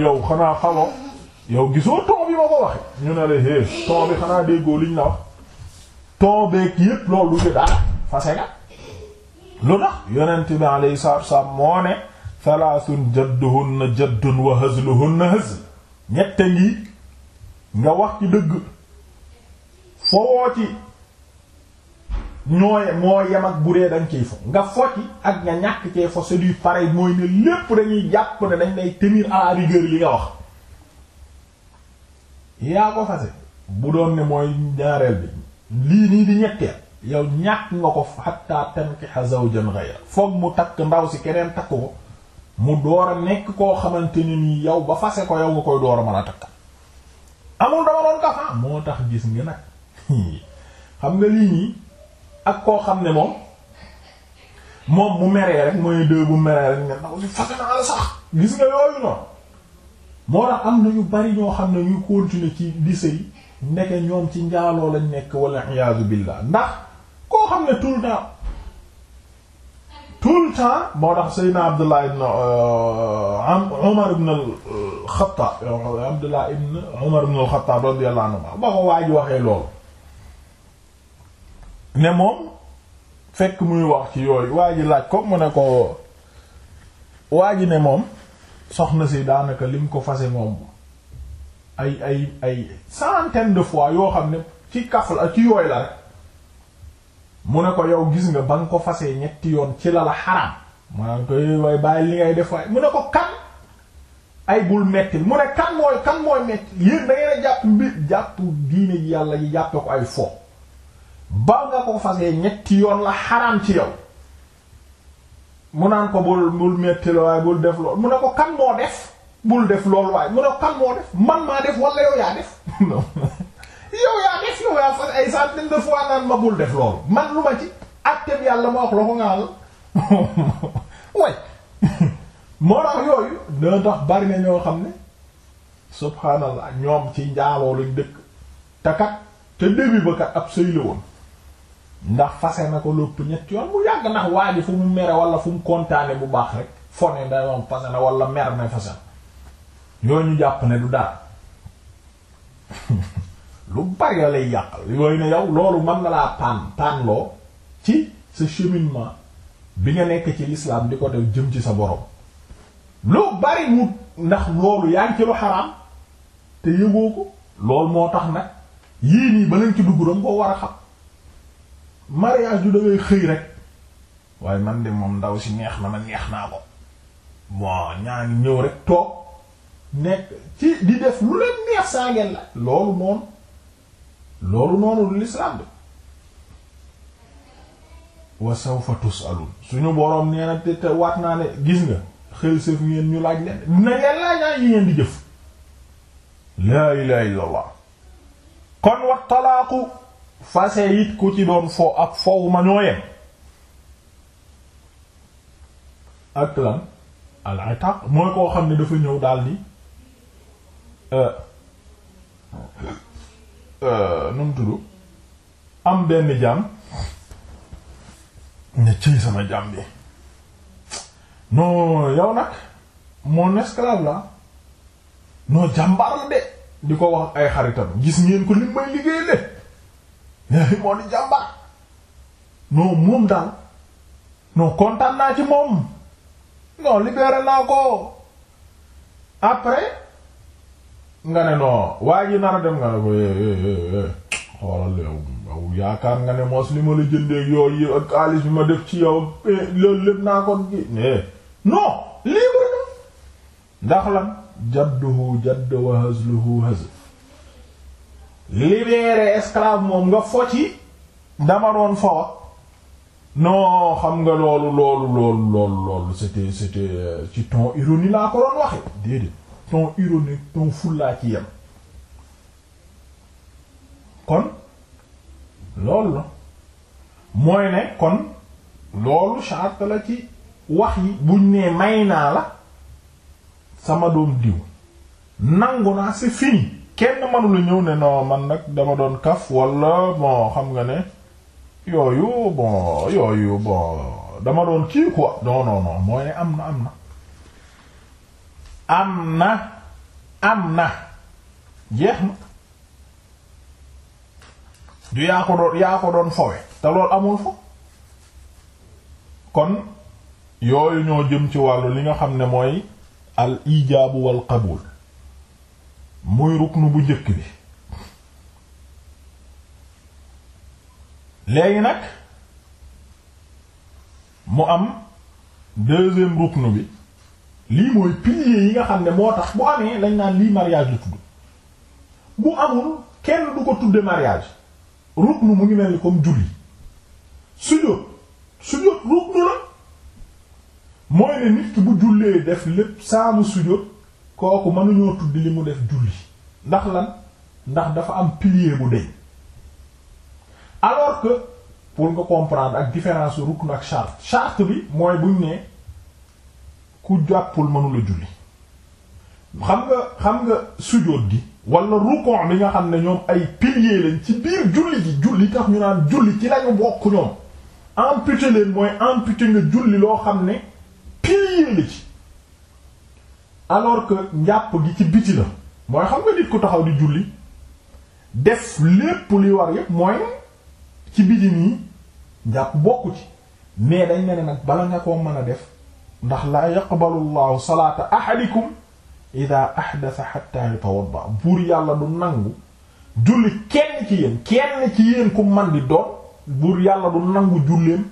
yow xanaa xalo yow gisoo ton bi ma ko waxe ñu ne la hé ton bi déggoo liñ la wax ton yépp loolu lu ci daal fase nga lu tax yonent bi alayhi salaatu wassalaam moo ne thalathun wa hazluhunna hazl ñette ngi nga wax ci dëgg fowoo ci ñooy moo yem ak bu dee dañ cey fo nga foti ak nga ñàkk cee fo c'est du pareil mooy ne lépp dañuy jàpp ne dañ lay tenir à la rigueur li nga wax yaa ko fase bu doon ne mooy ñaareel bi lii nii di ñetteel yow ñàkk nga ko hatta tankiha zawjan ghayra foog mu takk ndaw si keneen takk ko mu door a nekk koo xamante ne nii yow ba fase ko yow nga koy door a mën a takk amul dama doon kafa moo tax gis nga nag xam nga lii nii ak koo xam ne moom moom bu meree rek mooy dëgg bu meree rek ne ndaw si fagg la sax gis nga yooyu noonu moo tax am na ñu bari ñoo xam ne ñu continuer ci di sëy ndeke ñoom ci njaaloo lañ nekk wala iyaazu billah ndax koo xam ne tout le temps tout le temps moo tax Seydina Abdullah ibn euh, Umar ibn al-Khattab Abdullah ibn Umar ibn al-Khattab ba ko waa waxee loolu ne moom fekk muy wax ci yooyu waa ji laaj ko mu ne ko waa ne moom soxna si daanaka lim ko fase moom ay ay ay centaine de fois yoo xam ne ci kaf la ci yooy la rek mu ne ko yow gis nga ba nga ko fasee ñetti yoon ci la la xaraam maanaam koy eh, waaye bàyyi li ngay def waaye mu ne ko kan ay bul metti mu ne kan mooy kan mooy metti yéen da jàpp mbir jàpp yàlla ji jàppe ko ay fo ba nga ko fasee ñetti yoon la xaraam ci yow mu naan ko bul bul metti la waaye bul def lool mu ne ko kan moo def bul def lool waaye mu ne ko kan moo def man maa def wala yow yaa def yow yaa def yow yaa fas ay centaine de fois naan ma bul def lool man lu ma ci àtteeb yàlla ma wax la ko nga way moo tax yooyu dina tax bari na ñoo xam ne subhaanallah ñoom ci njaaloo lañ dëkk te kat te début ba kat ab sëy ndax fase na ko lépp ñett yoon mu yàgg ndax waa ji fu mu mere wala fu mu kontaane bu baax rek fone da moom na wala mer na fase na yooyu ñu jàpp ne du dara lu bari la lay yàq yooyu yow loolu mën na laa paan paan ci sa cheminement bi nga nekk ci l'islam di ko def jëm ci sa borom lu bari mu ndax loolu yaa ngi ci lu xaraam te yëgoo ko loolu moo tax nag yii nii ba lañ ci dugg danga koo war a xam mariage du dangay xëy rek waaye man de moom ndaw si neex na ma neex naa ko bon ñaa ngi ñëw rek toog nekk ci di def lu leen neex saa ngeen la loolu noonu loolu noonu du lislaam bi wa sawfa tusalun suñu boroom nee te te waat naa ne gis nga xëy sëf ngeen ñu laaj leen dina ngeen naa yi ngeen di jëf laa ilaha illa allah kon wa talaaqu fase it ku ci doon fo ak fow ñoo yem ak lan al itaq mooy koo xam ne dafa ñëw daal di euh, euh, nu mu tudd am benn jaam ne ciy sama jaam bi non yow nag mon esclave la non jàmbaar la de di ko wax ay xaritam gis ngeen ko li may liggéey le moo di jàmbaar non moom daal non kontaan naa ci moom non libéré naa ko après nga ne non waa ji nar a dem nga ne ko eh, eh, eh, xoolal yaakaar nga ne mos li ma la jëndee yooyu ak xaalis bi ma def ci yow loolu lépp naa ko gi libre na ndax lan jadduhu jadd wa hazluhu hazl libérer esclave moom nga focci dama doon fo non xam nga loolu loolu loolu loolu loolu c'était c'était euh, ci ton ironie laa ko doon waxe déedéet ton ironie ton fullaa ci yem kon loolu la mooy ne kon loolu charte la ci wax yi buñ nee may naa la sama doom diw nangu naa c'est fini kenn mënu la ñëw ne noo man nag dama doon kaf wala bon xam nga ne yooyu bon yooyu bon dama doon kii quoi non mooy ne am na am na am na jeex na du yaa ko doon yaa ko doon fowe te loolu amul fo kon yooyu ñoo jëm ci wàllu li nga xam ne mooy al ijaabu wal qabul muy ruknu bu njëkk bi léegi nag mu am deuxième ruknu bi lii mooy pilier yi nga xam ne moo tax bu amee lañ naan lii mariage la tudd bu amul kenn du ko tudde mariage ruknu mu ngi mel ni comme julli sujjóot sujjóot ruknu la mooy ne nit ki bu jullee def lépp saa sujjóot kooku mënuñoo tudd li mu def julli ndax lan ndax dafa am pilier bu dey alors que pour nga comprendre ak différence rukn ak charte charte bi mooy buñ ne ku jàppul mënula julli xam nga xam nga sujóot gi wala rukon bi nga xam ne ñoom ay pilier lañ ci biir julli ji julli tax ñu naan julli ci lañu bokk ñoom amputé leen mooy amputé nga julli loo xam ne pilier la ci alors que njàpp gi ci biti la mooy xam nga nit ku taxaw di julli def lépp li war yépp mooy ci biti nii njàpp bokku ci mais dañ ne nag bala nga koo mën a def ndax laa yaqbalu llahu salaata ahadikum ida ahdatha hatta yatawadda buur yàlla du nangu julli kenn ci yéen kenn ci yéen ku man di doon buur yàlla du nangu julleem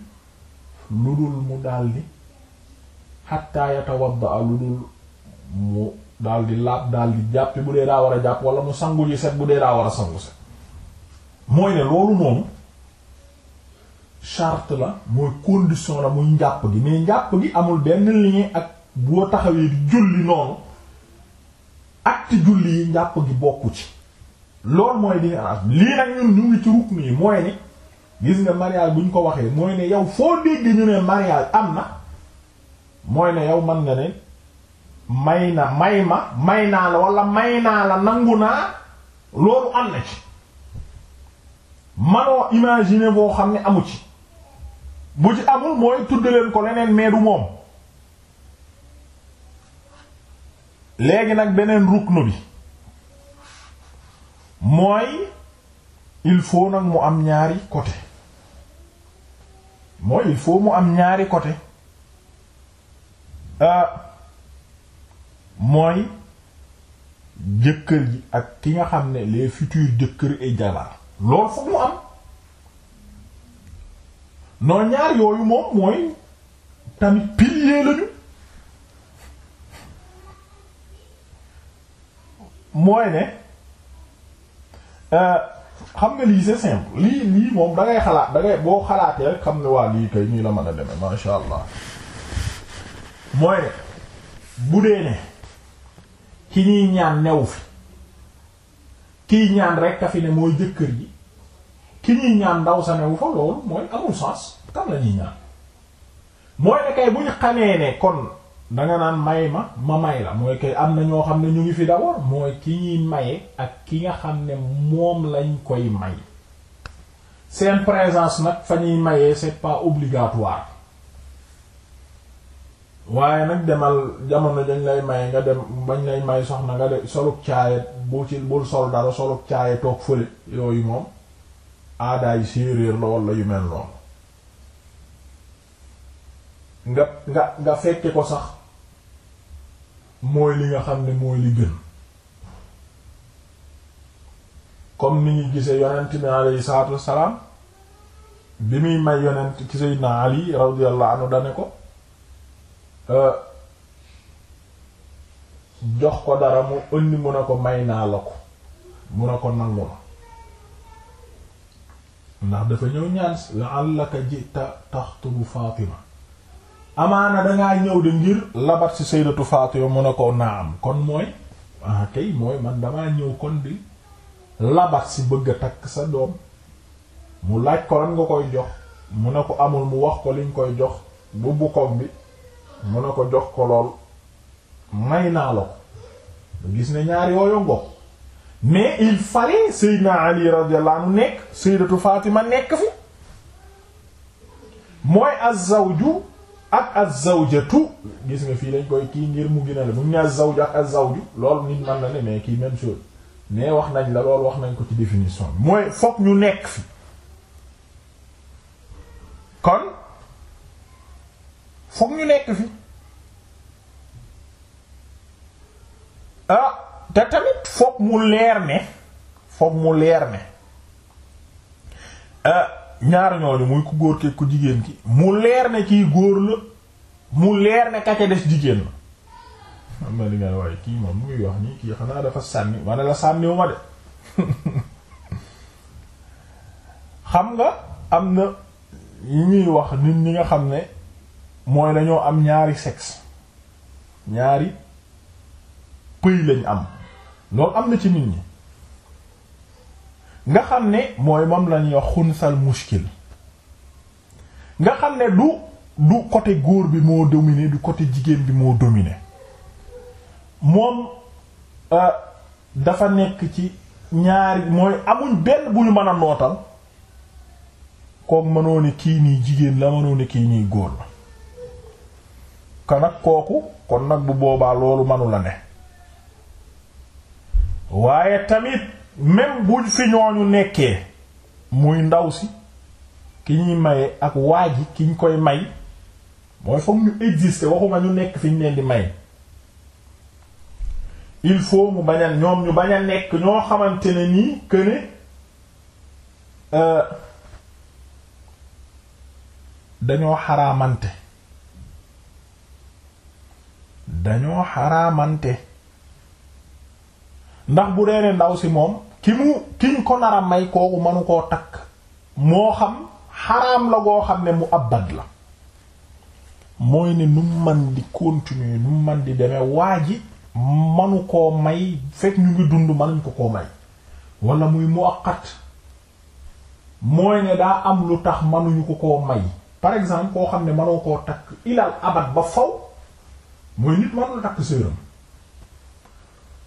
lu dul mu daldi hatta yatawadda lu dul mu daal di laab daal di jàppi bu dee daa war a jàpp wala mu sangu ji set bu dee daa war a sangu set mooy ne loolu moom charte la mooy condition la muy njàpp gi mais njàpp gi amul benn lien ak boo gi bokku ci loolu mooy di arrangé lii nag ñun ñu ngi ci rukk nii mooy ne gis nga mariage bu ñu ko waxee mooy ne yow foo dégg ñu ne mariage am na mooy ne yow man nga ne may na may ma may naa la wala may naa la nangu naa loolu am na ci manoo imaginer boo xam ne amu ci bu ci amul mooy tudd ko leneen mais moom léegi nag beneen ruknu bi mooy il faut nag mu am ñaari côté mooy il faut mu am ñaari côté ah mooy jëkkër ji ak ki nga xam ne les futurs jëkkër et jabar loolu foog mu am noo ñaar yooyu moom mooy tamit pilier lañu mooy ne euh, xam nga lii c'est simple lii lii moom da xalaat da boo xalaatee rek xam ne waa lii kay nii la mën a demee masha Allah mooy ne bu dee ne ki ñuy ñaan new fi kiy ñaan rek a fi ne mooy jëkkër ji ki ñuy ñaan ndaw sa new fa loolu mooy amul sens kan la ñaan mooy kay bu xamee ne kon danga naan may ma ma may la mooy kay am na ñoo xam ne ñu ngi fi d'abord mooy ki ñuy maye ak ki nga xam ne moom lañ koy may seen présence nag fa ñuy mayee c'est pas obligatoire waaye nag demal jamono dañ lay may nga dem bañ lay may soxna nga de soluk caaye bu ci bul sol dara soluk caaye toog fële yooyu moom aadaay séeréer la yu mel noonu nga nga nga fekke ko sax mooy li nga xam ne mooy li gën comme ni ñu gisee yonent bi alayhi salaatu wassalaam bi muy may yonent ci naa Ali radiyallahu anhu dane ko Euh, jox ko dara mu ëndi mu ne ko may naa la ko mu ne ko nangu na ndax dafa ñëw ñaan la'allaka jita taxtubu Fatima amaana dangaa ñëw de ngir labat ci sayyidatu Fatima mu ne ko naam kon mooy ah kay mooy man damaa ñëw kon bi labat si bëgg a takk sa doom mu laaj ko lan nga koy jox mu ne ko amul mu wax ko liñ koy jox bu bukkoog bi mu ne ko jox ko lool may naa la ko gis ne ñaari yooyu bokk mais il fallait Seydina Ali radiyallahu anhu nekk Sayyidatu Fatima nekk fi mooy az-zawju ak az-zawjatu gis nga fii lañ koy kii ngir mu gën a la mu ngi ne az ak az-zawju loolu nit man na ne mais kii même chose mais wax nañ la lool wax nañ ko ci définition mooy fokk ñu nekk fi kon fokk ñu nekk fi ah te tamit fokk mu leer ne fokk mu leer ne ah ñaar ñooñu muy ku góor ke ku jigéen ki mu leer ne kii góor la mu leer ne ka def jigéen la am na li nga waaye kii moom muy wax nii kii xanaa dafa sànni ma ne la sànniwu ma de xam nga am na ñu ñuy wax nit ñi nga xam ne mooy lañoo am ñaari sex ñaari pëy lañ am loolu am na ci nit ñi nga xam ne mooy moom lañuy wax xunsal mushkil nga xam ne du du côté góor bi moo dominé du côté jigéen bi moo dominé moom euh, dafa nekk ci ñaari mooy amuñ benn bu ñu mën a nootal kook mënoo ne kii nii jigéen la mënoo ne kii nii góor la kon kooku kon nag bu boobaa loolu manu la ne waaye tamit même buñ fi ñooñu nekkee muy ndaw si ki ñuy maye ak waa ji ki ñu koy may mooy foog ñu exister waxuma ñu nekk fi ñu leen di may il faut mu bañ a ñoom ñu bañ a nekk ñoo xamante ne nii que euh, dañoo xaraamante dañoo xaramante ndax bu dee ne ndaw si moom ki mu kiñ ko nar may kooku manu koo takk moo xam xaraam la goo xam ne mu abad la mooy ne nu man di continuer nu man di demee waa ji manu koo may fekk ñu ngi dund manuñ ko koo may wala muy muaqat mooy ne daa am lu tax manuñu ko koo may par exemple koo xam ne manoo koo takk ilal abad ba faw mooy nit manul takk séeram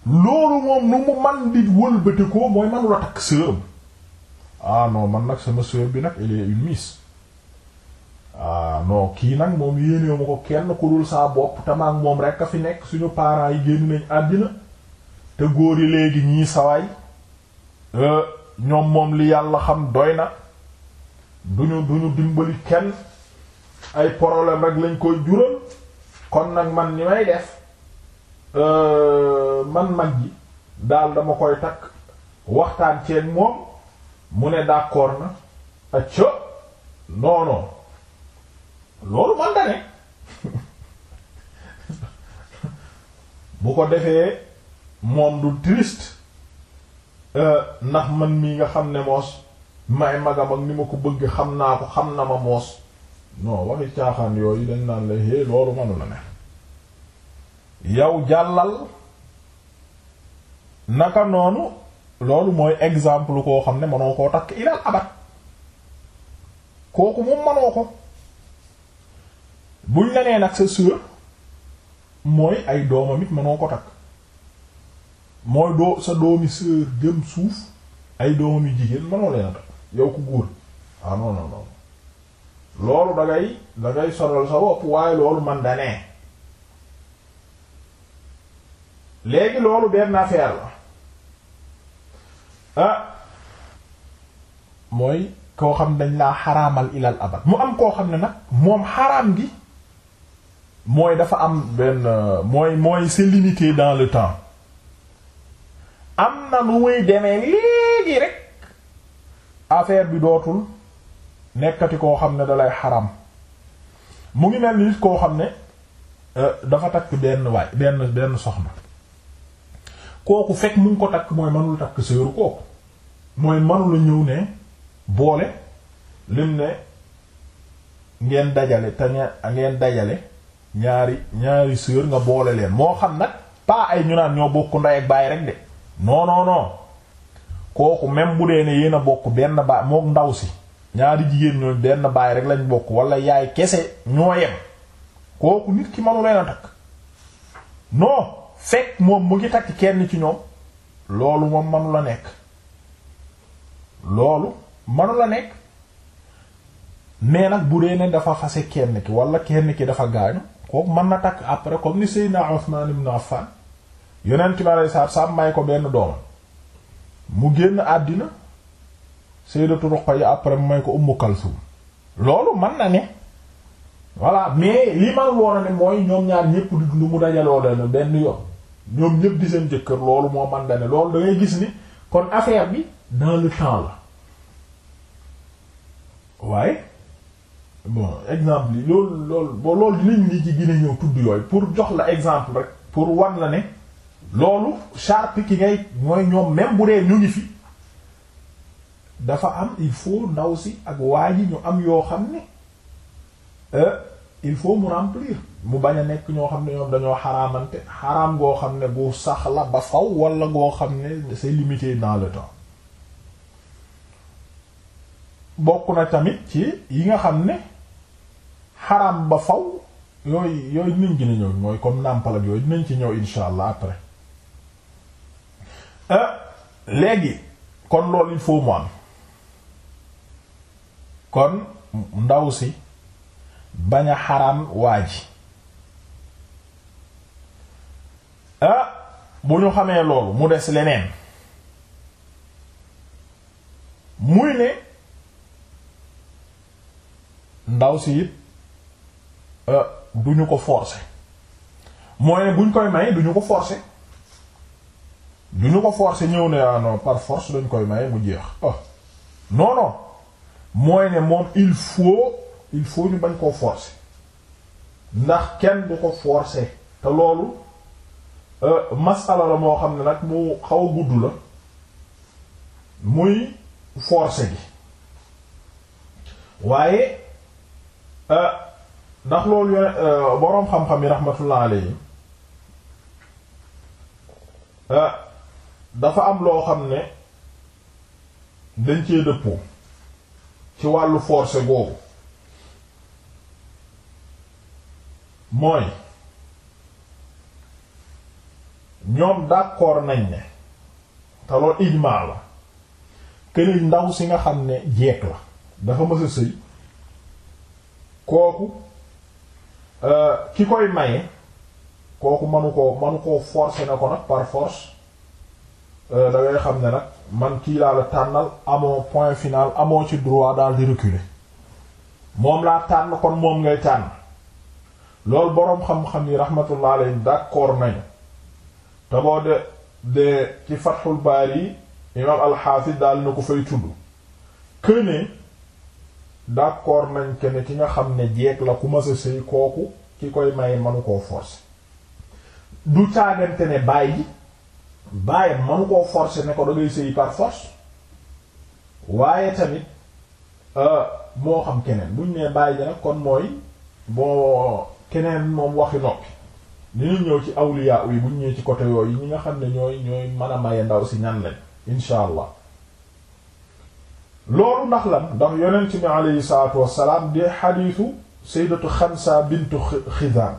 loolu moom nu mu man di wëlbatikoo mooy manula takk séeram ah non man nag sama séer bi nag il est une miss ah kii nag moom yéenewu ma ko kenn ku dul saa bopp tamaak moom rek a fi nekk suñu parents yi génn nañ àddina te góor yi léegi ñii sawaay euh, ñoom moom li yàlla xam doy na duñu duñu dimbali kenn ay problème rek lañ koy jural kon nag man ni may def euh, man mag ji daal dama koy takk waxtaan ceeg moom mu ne d'accord na acca non non loolu man da bu ko defee moom du triste euh, ndax man mii nga xam ne moos may magam ak ni ma ko bëgg xam naa ko xam na ma moos non waxi caaxaan yooyu dañ naan la hé loolu manu la ne yow jàllal naka noonu loolu mooy exemple koo xam ne manoo koo takk ilal abat kooku moom manoo ko buñ la nee nag sa sœur mooy ay doomam it manoo ko takk mooy doo sa doomi sœur jëm suuf ay doomam yu jigéen manoo leen a takk yow ku góor ah non non loolu da ngay da sa bopp waaye loolu man da ne léegi loolu benn affaire la ah, mooy koo xam dañ laa xaramal ilal abad mu am koo xam ne nag moom xaraam gi mooy dafa am benn mooy mooy c'est limité dans le temps am na nu muy demee léegi rek affaire bi dootul. nekkati koo xam ne dalay xaram mu ngi ni koo xam ne euh, dafa takk benn waay benn benn soxna kooku fekk mu ngi ko takk mooy mënul takk séeru kooku mooy mënula ñëw ne boole lim ne ngeen dajale te ngeen dajale ñaari ñaari sœur nga boole leen moo xam nag pas ay ñu naan ñoo bokk ndey ak baay rek de non kooku même bu dee ne yéen a bokk benn baay mook ndaw si ñaari jigéen ñooñ benn baay rek lañu bokk wala yaay kese ñoo yem kooku nit ki manu leen a takk non fekk moom mu ngi takk kenn ci ñoom loolu moom manu la nekk loolu manu la nekk mais nag bu dee ne dafa fase kenn ki wala kenn ki dafa gaañu kooku mën na takk après comme ni naa Ousmane ibn Affan yonent bi aleyhi salaatu salaam may ko benn doomam mu génn àddina sayyidatu Ruqayya après mu may ko Ummu Kalsum loolu man na ne voilà mais yi man woon ne mooy ñoom ñaar ñépp di lu mu dajaloo dana benn yoon ñoom ñépp di seen jëkkër loolu moo man na ne loolu da gis ni kon affaire bi dans le temps la waaye bon exemple yi loolu loolu bo loolu dinañ li ci gën a ñëw yooyu pour jox la exemple rek pour wan la ne loolu charte ki ngay mooy ñoom même bu dee ñu ngi fi dafa am il faut ndaw si ak waa ji ñu am yoo xam ne euh, il faut mu remplir mu bañ a nekk ñoo xam ne ñoom dañoo xaraamante xaraam goo xam ne bu sax la ba faw walla goo xam ne c'est limité dans le temps bokk na tamit ci yi nga xam ne xaram ba faw yooyu yooyu dinañ gën a ñëw mooy comme nàmpal yooyu nañ ci ñëw insha allah après euh, léegi kon loolu il faut mu am kon ndaw si bañ a waa ji ah bu ñu xamee loolu mu des leneen muy ne ndaw si it ah, duñu ko force mooy ne buñ koy may ñu ko forcer duñu ko forcer ñëw ne ah non par force dañ koy may mu jeex ah mooy ne moom il faut il faut ñu bañ koo forcer ndax kenn du ko forcer te loolu euh, masala la moo xam ne nag mu xaw a gudd la muy forcer gi waaye euh, ndax loolu yone euh, boroom xam-xam yi rahmatullah alayhi dafa am loo xam ne dañ cee dëppoo ci wàllu force boobu mooy ñoom d'accord nañ ne te ijmaa la këni ndaw si nga xam ne jeeg la dafa mës a sëy kooku euh, ki koy maye kooku manu koo manu koo forcer na ko nag par force euh, xam ne nag man kii laa la tànnal amoo point final amoo ci droit daal di reculer moom laa tànn kon moom ngay tànn loolu boroom xam-xam yi rahmatullah alayhi d'accord nañu te boo de de ci Fathul Bari imaam al-Hafiz daal na ko fay tudd que ne nañ que ne ki nga xam ne jeeg la ku mas a sëy kooku ki koy maye mënu koo forcer du caagante ne bàyyi. baayam manu koo forcer ne ko da ngay sëy par force waaye tamit euh, moo xam keneen buñ nee bàyyi ja kon mooy boo keneen moom waxi noppi dinañ ñëw ci awliya yi buñ ñëw ci côté yooyu ñi nga xam ne ñooy ñooy mën a maye ndaw si ñan lañ insha allah loolu ndax lan ndax yonent bi aleyhi salaatu wassalaam di xadiisu sayyidatu xamsa bintu xizaam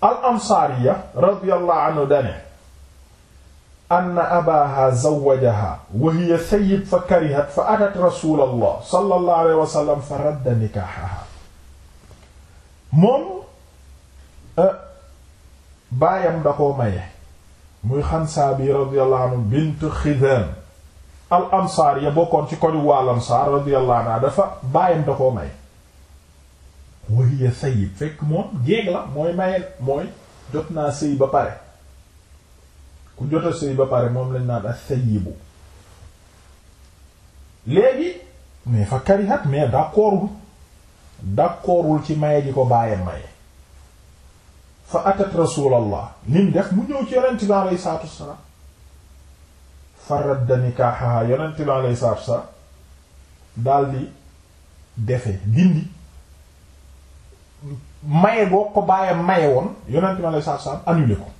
al ansaariya radiyallahu anhu dane anna abaha zawajaha wa hiya sayyib fa karihat fa atat rasul allah sallallahu alayhi wa sallam fa radda nikaahaha moom baayam da koo maye muy xansaa bi radiyallahu anhu bint xidam al ansaar ya bokkoon ci koju wàll ansaar radiyallahu anha dafa baayam da koo maye wa hiya sayyib fekk moom jéeg la mooy maye mooy jot naa sëy ba pare ku jot a sëy ba pare moom lañ naan ak sayyibu léegi mais fa karihat mais d'accordul d'accordul ci maye ji ko bàyyam maye fa atat rasulallah lim def mu ñëw ci yonent bi lay salaatu sa fa radda nikaahaha yonent bi alayhi salaatu wassalaam daldi defe dindi maye boo ko bàyyam maye woon yonent bi alayhi salaatu wassalaam ko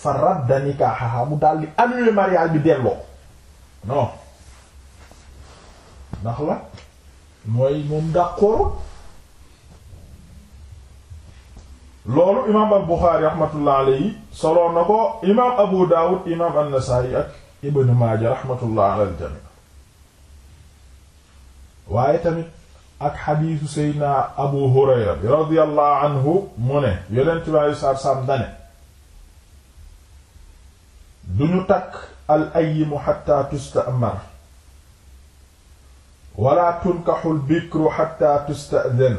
fa radda nikaaxaha mu daal di annuler mariage bi delloo non ndax la mooy moom d'accord loolu imaam al Buxaari rahmatullah alayhi soloon na ko imaam Abu Dawud imaam an-Nasaa'i ak Ibn Maaja rahmatullah ala al-jamii waaye tamit ak xadiisu Seydina Abu Hurayra bi radiyallahu anhu mu ne yonent bi sallallahu alayhi wa sallam dane duñu takk al ayyimu xatta tusta'mar wala tunkaxul bikru xatta tusta'zan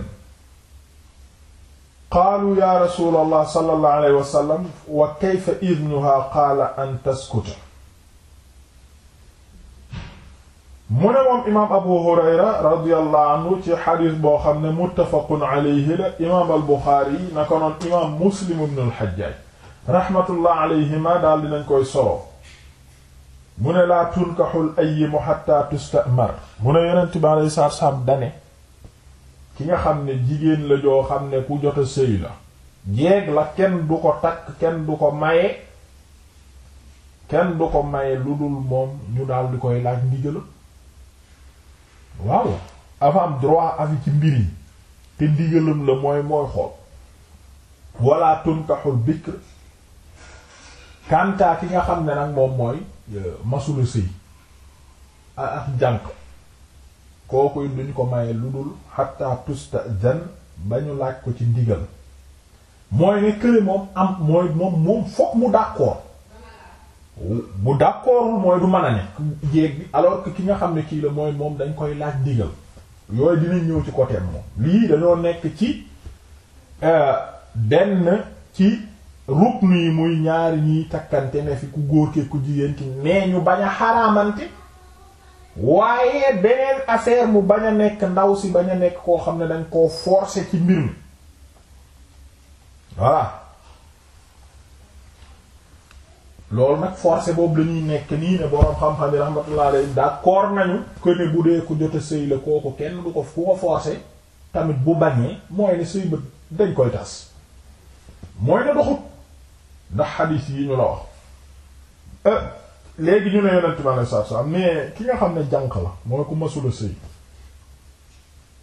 qaalu ya rasul allah sallallahu alayhi wa sallam wa kayfa idnuha qaala an taskuta mu ne moom imaam abu hurayra radiyallahu anhu ci xadis boo xam ne muttafaqun alayhi la imaam al buxaari na ko noon imaam muslim ibn al xajjaaj rahmatullah alayhima daal dinañ koy solo mu ne laa tunkaxul ayyimu hatta tustamar mu ne yonent bi alayhi salaatu dane ki nga xam ne jigéen la joo xam ne ku jot a sëy la jeeg la kenn du ko takk kenn du ko maye kenn du ko maye lu dul moom ñu daal di koy laaj ndigal waaw avant droit afi ci mbir yi te ndigalam la mooy mooy xool wala tunkaxul bikr kantaa ki nga xam ne nag moom mooy euh, masula sëy ak jànq kooku it duñ ko maye lu dul xatta tusta zen ba ñu laaj ko ci ndigal mooy ne kële moom am moom fokk mu d'accord bu d'accordul mooy du mën a nekk jéeg bi alors ki nga xam ne kii la mooy moom dañ koy laaj ndigal yooyu dinañ ñëw ci côté moom lii dañoo nekk ci euh, benn ci rukn yi muy ñaari ñiy takkante ne fi ku góor ke ku jigéen ki mais ñu bañ a xaraamante waaye beneen affaire mu bañ a nekk ndaw si bañ a nekk koo xam ne dañ koo forcer ci mbir mi voilà loolu nag forcé boobu lañuy nekk nii ne boroom xam-xam yi rahmatullah alayhi d'accord nañu que bu dee ko jote sëy la kooku kenn du ko ku ko tamit bu bañee mooy ne sëy ba dañ koy tas mooy ne doxut ndax xadiis yi ñu la wax euh, léegi ñu ne yonent bi alei satu salaam mais ki nga xam ne jànq la mooy ku masula sëy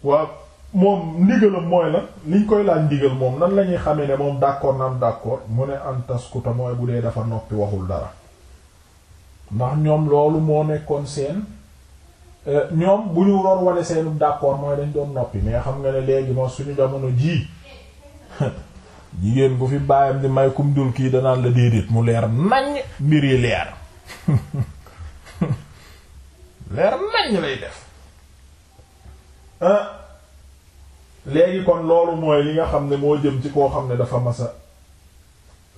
waaw moom ndigalam mooy la liñ koy laaj ndigal moom nan la ñuy xamee ne moom d'accord naam d'accord mu ne an taskuta mooy bu dee dafa noppi waxul dara ndax ñoom loolu moo nekkoon seen euh, ñoom bu ñu roor wane seenu d'accord mooy dañ doon noppi mais xam nga ne léegi moo suñu jamono jii jigéen bu fi baayam di may kum dul kii danaan la déedéet mu leer nañ mbir yi leer leer nañ lay def ah léegi kon loolu mooy yi nga xam ne moo jëm ci koo xam ne dafa masa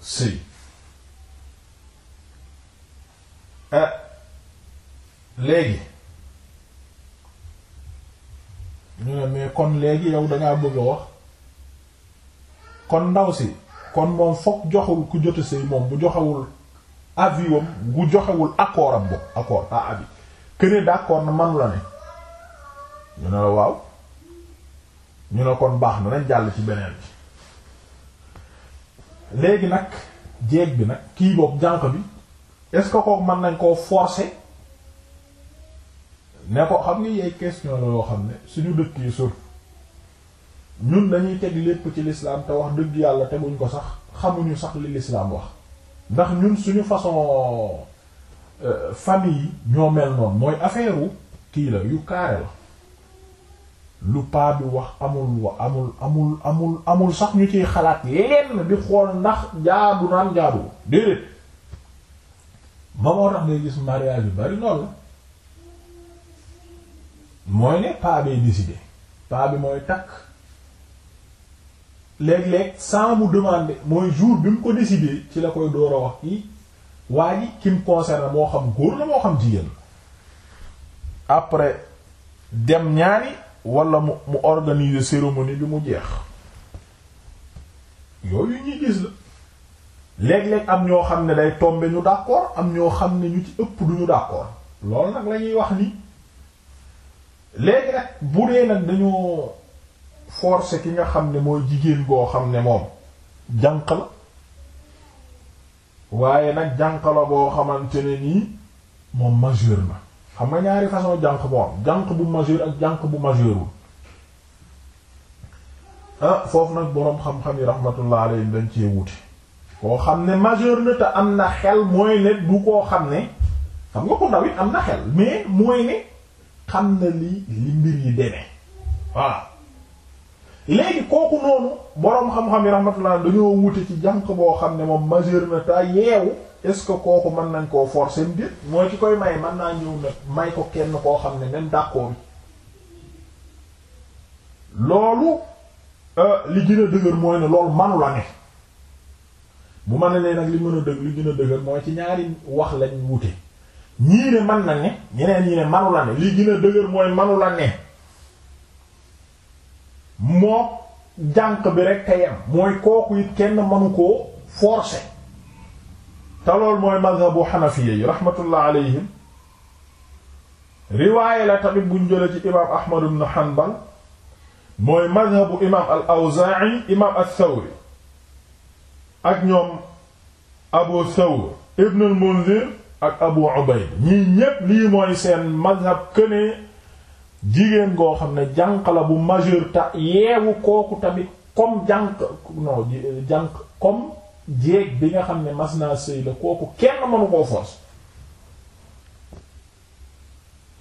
sëy ah, léegi ñu ne mais kon léegi yow dangaa bëgg a wax kon ndaw si kon moom fokk joxewul ku jot a moom bu joxewul aviom bu joxewul accord am bopp accord a ah, abi këne d'accord na manu la ne ñu ne la waaw ñu ne kon baax na nañ jàll ci beneen bi léegi nag jeeg bi nag kii boobu jànq bi est-ce que kooku mën nañ koo forcer ne ko xam nga yeey question la yoo xam ne suñu dëkk yi sur ñun dañuy teg lépp ci l'islam te wax dëgg yàlla teguñ ko sax xamuñu sax li l'islam wax ndax ñun suñu façon euh, famille yi ñoo mel noonu mooy affaire wu kii la yu kaare la lu paa bi wax amul amul amul amul amul sax ñu ciy xalaat yenn di xool ndax jaadu naan jaadu déedéet ba moo tax ngay gis mariage yu bari noonu la mooy ne paa bee décidé paa bi mooy takk léeg-léeg sans mu demander mooy jour bi mu ko décider ci la koy door a wax kii waa ji ki mu concerne moo xam góor la moo xam jigéen la après dem ñaani walla mu mu organiser cérémonie bi mu jeex yooyu ñuy gis la léeg-léeg am ñoo xam ne day tomber ñu d'accord am ñoo xam ne ñu ci ëpp duñu d'accord loolu nag la ñuy wax ni léegi nag bu dee nag dañoo forcer ki nga xam ne moo jigéen goo xam ne moom jànq la waaye nag jànq la boo xamante ne nii moom majeur na xam nga ñaari façon jànq boo am jànq bu majeur ak jànq bu majeurul ah foofu nag boroom xam-xam yi rahmatullah alayhim dañ cee wuti koo xam ne majeur na te am na xel mooy ne du koo xam ne xam nga ko ndaw am na xel mais mooy ne xam na li li mbir yi demee voilà léegi kooku noonu boroom xam-xam yi rahmatullah dañoo wute ci jànq boo xam ne moom majeur na ta yeewu est-ce que kooku mën nañ koo forcer mbir mooy ci koy may man naa ñëw nag may ko kenn koo xam ne même d'accord loolu euh, li gën a dëgër mooy ne loolu manu la ne bu mën a nag li mën a dëg li gën a dëgër mooy ci ñaari wax lañ wute ñii ne man na ne ñeneen ñii ne manu la ne li gën a dëgër mooy manu la ne moo jànq bi rek tey am mooy kooku it kenn mënu koo forcer te loolu mooy mazhabu xanafiya yi rahmatullah alayhim la tamit buñ jële ci imaam hanbal mooy mazhabu imaam al awzaa'i imaam al thawri ak ñoom abu thawr ibn al munzir ak abu ubayd ñii ñépp lii mooy seen mazhab kënee jigéen goo xam ne jànq la bu majeur ta yeewu kooku tamit comme jànq non jànq comme jéeg bi nga xam ne mas naa sëy la kooku kenn mënu koo force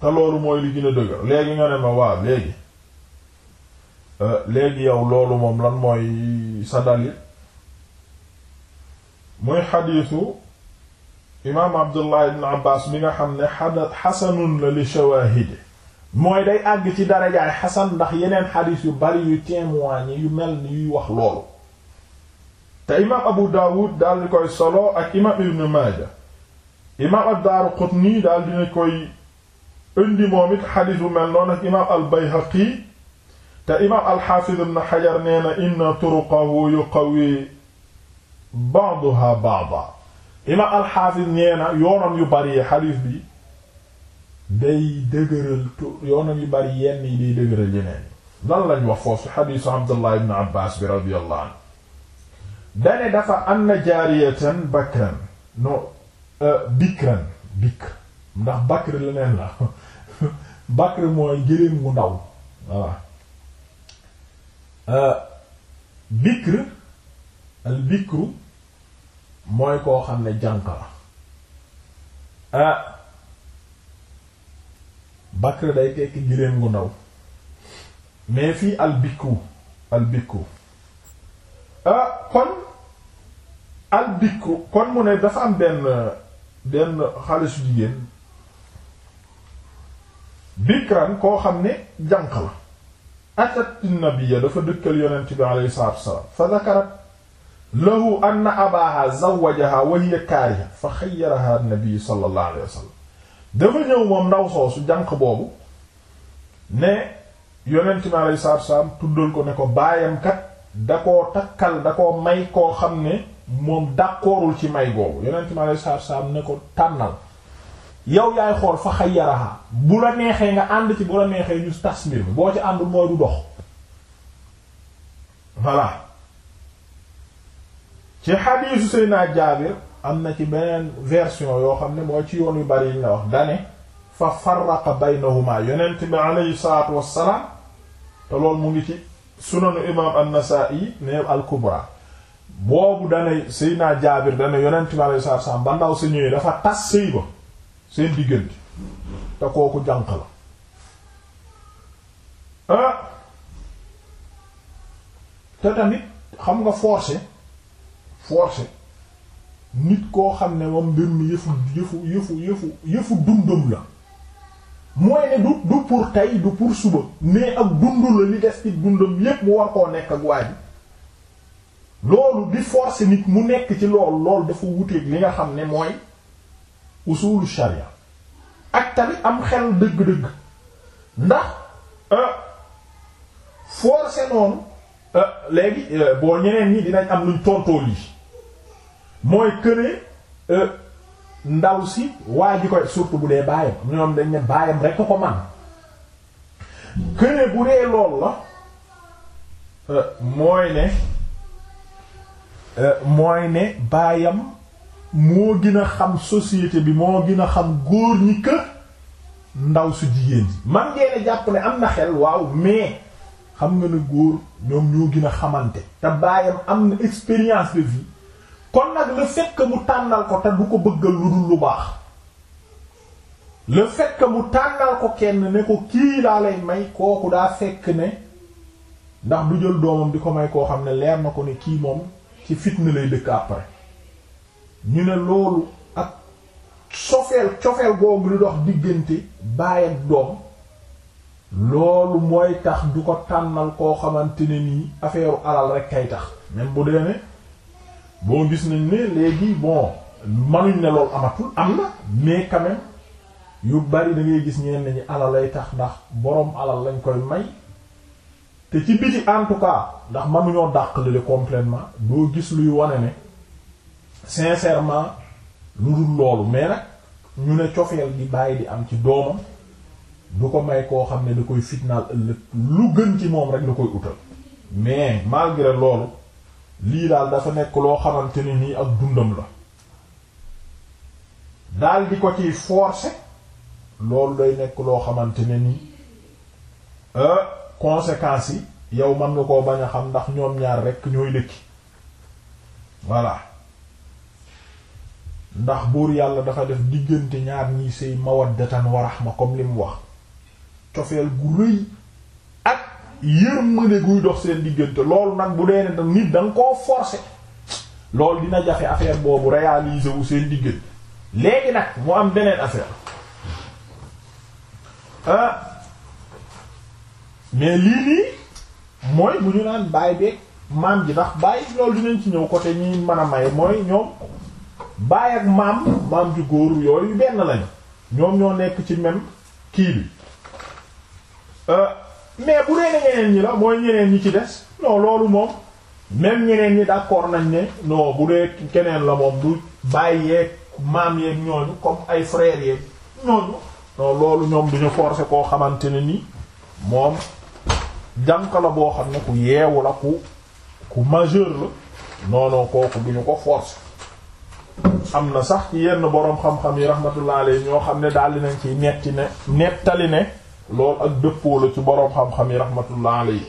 te loolu mooy li gën a dëgër léegi nga ne ma waaw léegi euh, léegi yow loolu moom lan mooy sa dalil muy xadiisu imaam Abdullah ibn nga xam ne xasanun la li shawaahidi mooy day àgg ci darajaay xasan ndax yeneen xadiis yu bari yu témoigné yu mel ni yuy wax loolu te imaam abu daawud daal di koy solo ak imaam ibn maaja imaam ad-daaraqutni daal dina koy indi moom it xadiis bu mel noonu ak imaam al-bayhaqi te imaam al-xaafiz ibn xajar nee na inna turuqahu yuqawi ba'daha ba'da imaam al-xaafiz nee yoonam yu bari xadiis bi day dëgëral tu yoonam yu bari yenn yi day dëgëral yeneen lan lañ wax foofu xadiisu Abdullah ibn Abbas bi radiyallahu anhu dafa am na jaariyatan bakran no euh, bikran bikr ndax bakr leneen la bakr mooy gëléem gu ndaw voilà euh, bikr al bikru mooy koo xam ne jànq la euh, bakr day tekki giléem gu ndaw mais fii albikku albiku ah kon albikku kon mu ne dafa am benn benn xale jigéen bikran koo xam ne janq la atat nabiyya dafa dëkkal yonent bi alayhi salaatu wassalaam fa zakarat lahu anna abaha zawwajaha wa kaariha fa xayyaraha an-nabi sallallahu alayhi wa dafa ñëw moom ndaw soosu jànq boobu ne yonent mi alayhi salaatu salaam tuddal ko ne ko baayam kat da koo takkal da koo may koo xam ne moom d'accordul ci may googu yonent mi alayhi salaatu ne ko tànnal yow yaay xool fa xayyaraha bu la neexee nga ànd ci bu la neexee ñu tas mbir mi boo ci àndul mooy du dox voilà ci xadiisu Seydina Jaabir am na ci beneen version yoo xam ne mooy ci yoon yu bari yi nga wax dane fa farraqa baynahuma yonent bi alayhi salaatu wassalaam te loolu mu ngi ci sunanu imam an-Nasa'i ne al-Kubra boobu dane naa Jaabir dane yonent bi alayhi salaatu wassalaam ba ndaw sa ñëwee dafa tas sëy ba seen diggante te kooku jànq la ah te tamit xam nga forcé forcé nit koo xam ne moom mbir mi yëfu yëfu yëfu yëfu yëfu dundum la mooy ne du du pour tey du pour suba mais ak dund la li des ci dundam yépp mu war koo nekk ak waa ji loolu di forcer nit mu nekk ci lool loolu dafa wuteeg li nga xam ne mooy usulu sharia ak tamit am xel dëgg-dëgg ndax euh, forcer noonu euh, léegi euh, boo ñeneen ñi dinañ am luñ tontoo lii mooy këne euh, ndaw si waa ji koy surtout bu dee baayam ñoom dañ ne baayam rekk ko man këne bu dee lool la euh, mooy ne euh, mooy ne baayam moo gin a xam société bi moo gin a xam góor ñi que ndaw su jigéen ji man ngeen jàpp ne am na xel waaw mais xam nga ne góor ñoom ñoo gën a xamante te baayam am na expérience de vie kon nag le fait que mu tànnal ko te du ko bëgga lu dul lu baax la fekk que mu tànnal ko kenn ne ko kii laa lay may kooku daa fekk ne ndax du jël doomam di ko may koo xam ne leer na ko ne kii moom ci fitna lay dëkk après ñu ne loolu ak sofeel cofeel boobu di dox diggante baay ak doom loolu mooy tax du ko tànnal koo xamante ne nii affaire alal rek kay tax même bu dee ne bon gis nañ ne léegi bon manuñ ne loolu amatul am na mais quand yu bari da ngay gis ñenn ñi alal lay tax ndax boroom alal lañ koy may te ci biti en tout cas ndax manuñoo dàqlale complètement doo gis luy wane ne sincèrement lu dul loolu mais nag ñu ne cofeel gi bàyyi di am ci doomam du ko may koo xam ne di koy fitnaal ëllëg lu gën ci moom rek lu koy utal mais malgré loolu lii daal dafa nekk loo xamante ni nii ak dundam la daal di ko ciy forcer loolu day nekk loo xamante ne nii euh, conséquences yi yow man nga koo bañ a xam ndax ñoom ñaar rekk ñooy dëkki voilà ndax buur yàlla dafa def diggante ñaar ñi say mawaddatan wa rahma comme li wax cofeel gu rëy yërmande guy dox seen diggante loolu nag bu dee ne nit da koo forcer loolu dina jafe affaire boobu réaliser wu seen diggante léegi nag mu am beneen affaire ah. mais lii nii mooy bu ñu naan baay beeg maam ji ndax baay loolu dinañ ci ñëw côté ñi mën a may mooy ñoom baay ak maam maam ju góor yooyu benn lañu ñoom ñoo nekk ci même kii bi. Ah. mais bu dee ne ñeneen ñi la mooy ñeneen ñi ci des non loolu moom même ñeneen ñi d'accord nañ ne non bu dee keneen la moom du bàyyi maam yeeg ñooñu comme ay frères yeeg ñooñu non loolu ñoom duñu forcer koo xamante ne ni moom jànk la boo xam ne ku yeewu la ku ku majeur la non non kooku duñu ko forcer am na sax ci yenn boroom xam-xam yi rahmatullah ñoo xam ne daal nañ ci netti ne nettali ne lool ak dëppoo la ci boroom xam-xam yi rahmatullah alayhi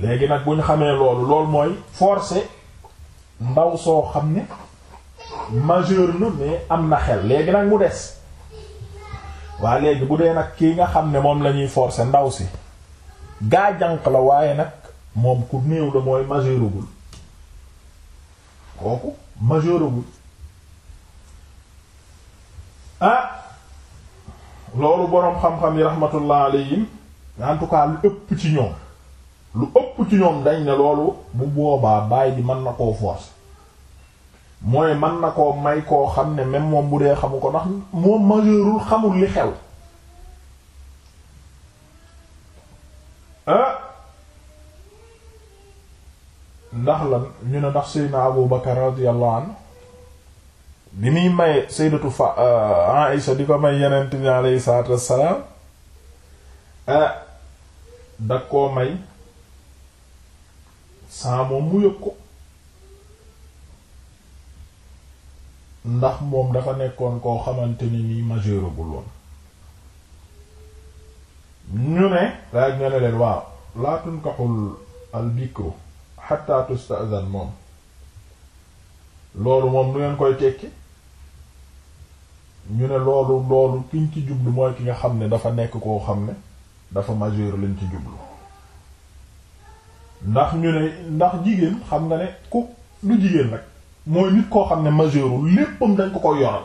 léegi nag bu ñu xamee loolu loolu mooy forcé ndaw soo xam ne majeur na mais am na xel léegi nag mu des waa léegi bu dee nag kii nga xam ne moom la ñuy forcé ndaw si gaa jànq la waaye nag moom ku néew la mooy majeuragul kooku majeuragul ah loolu boroom xam-xam yi rahmatullah alayhim en tout cas lu ëpp ci ñoom lu ëpp ci ñoom dañ ne loolu bu boobaa baay bi mën na koo force mooy man na koo may koo xam ne même moom bu dee xamu ko ndax moom majeurul xamul li xew ah ndax lan ñu ne ndax Seydina Abu Bakar radiyallahu anhu bi muy maye sayyidatu fa euh, Aïsha di ko euh, may yenent bi aleyhi salaatu wassalaam da koo may saa moom mu yëg ko ndax moom dafa nekkoon koo xamante ni nii majeur bu loon ñu ne daaj ñu ne leen waaw laa tunkaxul al bikru hatta tusta'zan moom loolu moom du ngeen koy tekki ñu ne loolu loolu kiñ ci jublu mooy ki nga xam ne dafa nekk koo xam ne dafa majeur lañ ci jublu ndax ñu ne ndax jigéen xam nga ne ku du jigéen rek mooy nit koo xam ne majeurul léppam dañ ko koy yoral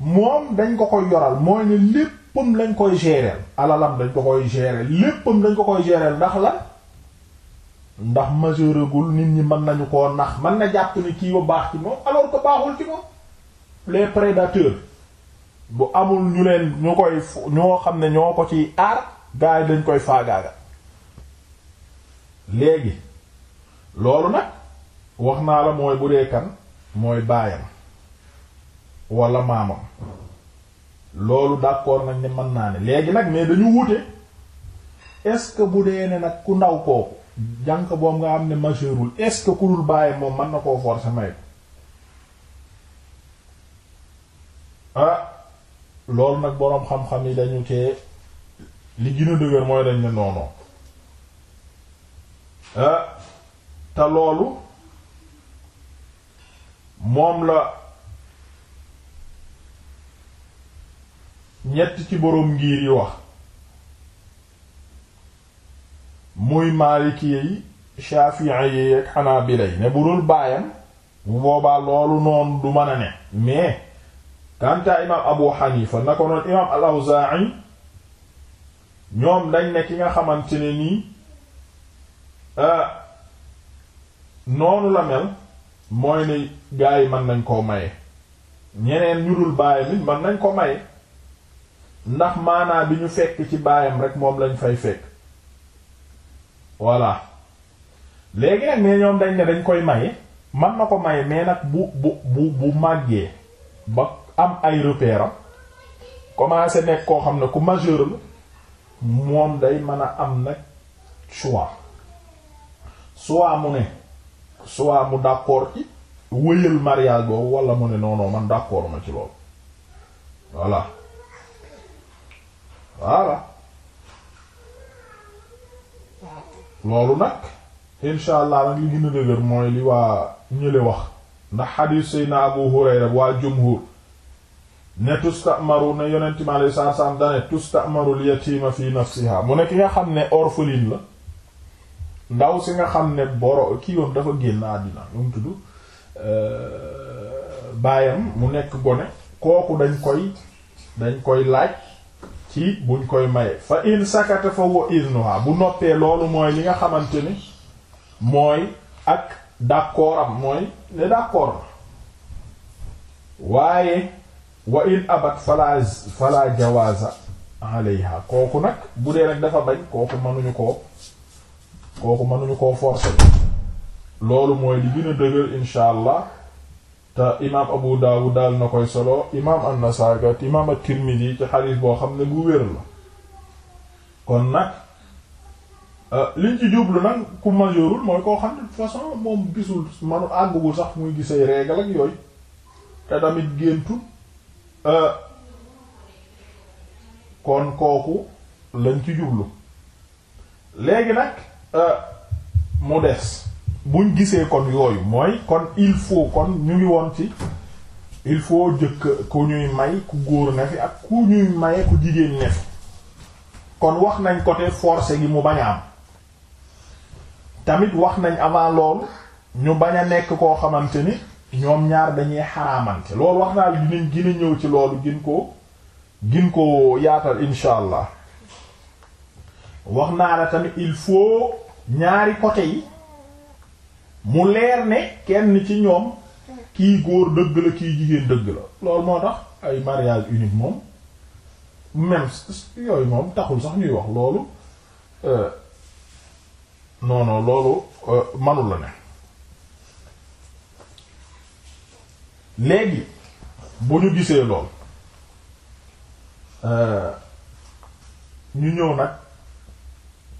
moom dañ ko koy yoral mooy ne léppam lañ koy gérer alalam dañ ko koy gérer léppam dañ ko koy gérer ndax la ndax majeuragul nit ñi mën nañu koo nax mën na jàpp ni kii ba baax ci moom alors que baaxul ci moom les prédateurs bu amul ñu leen ñu koy ñoo xam ne ñoo ko ci aar gars yi dañ koy faagaaga léegi loolu nag wax naa la mooy bu dee kan mooy baayam wala maamam loolu d'accord nañ ne mën naa ne léegi nag mais dañu wute est-ce que bu dee ne nag ku ndaw kooku jànk boom nga am ne majeurul est-ce que ku dul baayam moom mën na koo forcer may ah loolu nag boroom xam-xam yi dañu cee li gën a dëgër mooy dañ ne noonu ah, te loolu moom la ñett ci boroom ngir yi wax muy maaliki yi shafi'a yi ak xanaa bi lay ne bu dul baayam bu boobaa loolu noonu du mën a ne mais kantaa imaam abu xanifa na ko noon imaam al awzaa'i ñoom dañ ne ki nga xamante ne nii euh, noonu la mel mooy ni gaa yi man nañ koo maye ñeneen ñu dul baayam it mën nañ koo maye ndax maanaa bi ñu fekk ci baayam rek moom lañ fay fekk voilà léegi nag ne ñoom dañ ne dañ koy maye man na ko maye mais nag bu bu bu bu màggee ba am ay repère am commencé nekk koo xam ne ku majeur la moom day mën a am nag choix soit mu ne soit mu d'accord ci wëyal mariage boobu wala mu ne non man d'accord ci loolu voilà voilà loolu nag insha allah nag li gën a dëgër mooy li waa ñële wax ndax xadiis sayna Abu Hurayra waa jumhur ne tustamaru ne yonenti ma lay sarsam dane tustamarul yatima fi nafsiha mu ne ki nga xam ne orpheline la ndaw si nga xam ne boro kii wam dafa génn àddina lu mu tudd euh, baayam mu nekk gone kooku dañ koy dañ koy laaj ci buñ koy maye fa in sakata fa wa iznuha bu noppee loolu mooy li nga xamante ni mooy ak d'accordam mooy ne d'accord waaye wa in abat fala fala jawaza alayha kooku nag bu dee nag dafa bañ kooku mënuñu koo kooku mënuñu koo forcer loolu mooy li gën a insha allah te imaam abu daawud daal na koy solo imaam an-nasa'i imaam at-tirmidhi ci xadiis boo xam ne bu wér la kon nag euh, liñ ci jublu nag ku majeurul mooy koo xam ne façon moom gisul manu àggugul sax muy gisee régal ak yooyu te tamit géntu Euh, kon kooku lañ ci jublu léegi nag euh, mu des buñ gisee kon yooyu mooy kon il faut kon ñu ngi woon ci il faut jëkk ku ñuy may ku góor ne fi ak ku ñuy maye ku jigéen ne fi kon wax nañ ko côté forcé gi mu bañ a am tamit wax nañ avant loolu ñu bañ a nekk koo xamante ni ñoom ñaar dañuy xaraamante loolu wax naa dinañ gën a ñëw ci loolu gin ko gin ko yaatal insha allah wax naa la tamit il faut ñaari côté yi mu leer ne kenn ci ñoom kii góor dëgg la kii jigéen dëgg la loolu moo tax ay mariage unique moom même yooyu moom taxul sax ñuy wax loolu euh, noonu loolu euh, manu la ne léegi bu ñu gisee lool euh, ñu ñëw nag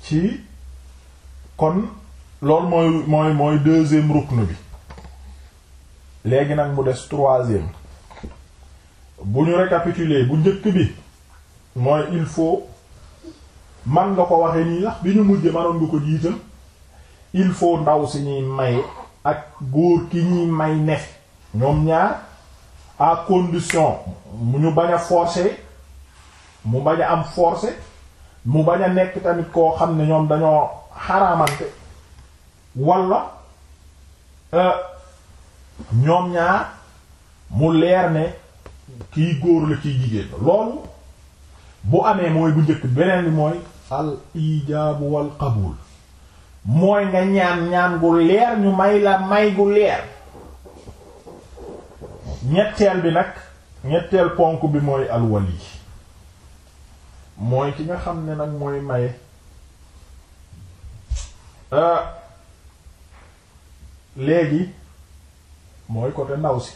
ci kon lool mooy mooy mooy deuxième rukn bi léegi nag mu des troisième bu ñu récapituler bu njëkk bi mooy il faut man nga ko waxee nii sax bi ñu mujjee manoon nga ko jiital il faut ndaw si ñuy may ak góor ki ñuy may nefi ñoom ñaar a condition mu ñu bañ a forcer mu bañ a am forcer mu bañ a nekk tamit koo xam ne ñoom dañoo xaraamante walla euh, ñoom ñaar mu leer ne kiy góor la kiy jigéen loolu bu amee mooy bu njëkk beneen bi mooy al ijaabu wal mooy nga ñaan ñaan gu leer ñu may la may gu leer ñetteel bi nag ñetteel ponk bi mooy alwali mooy ki nga xam ne nag mooy maye euh, léegi mooy côté ndaw si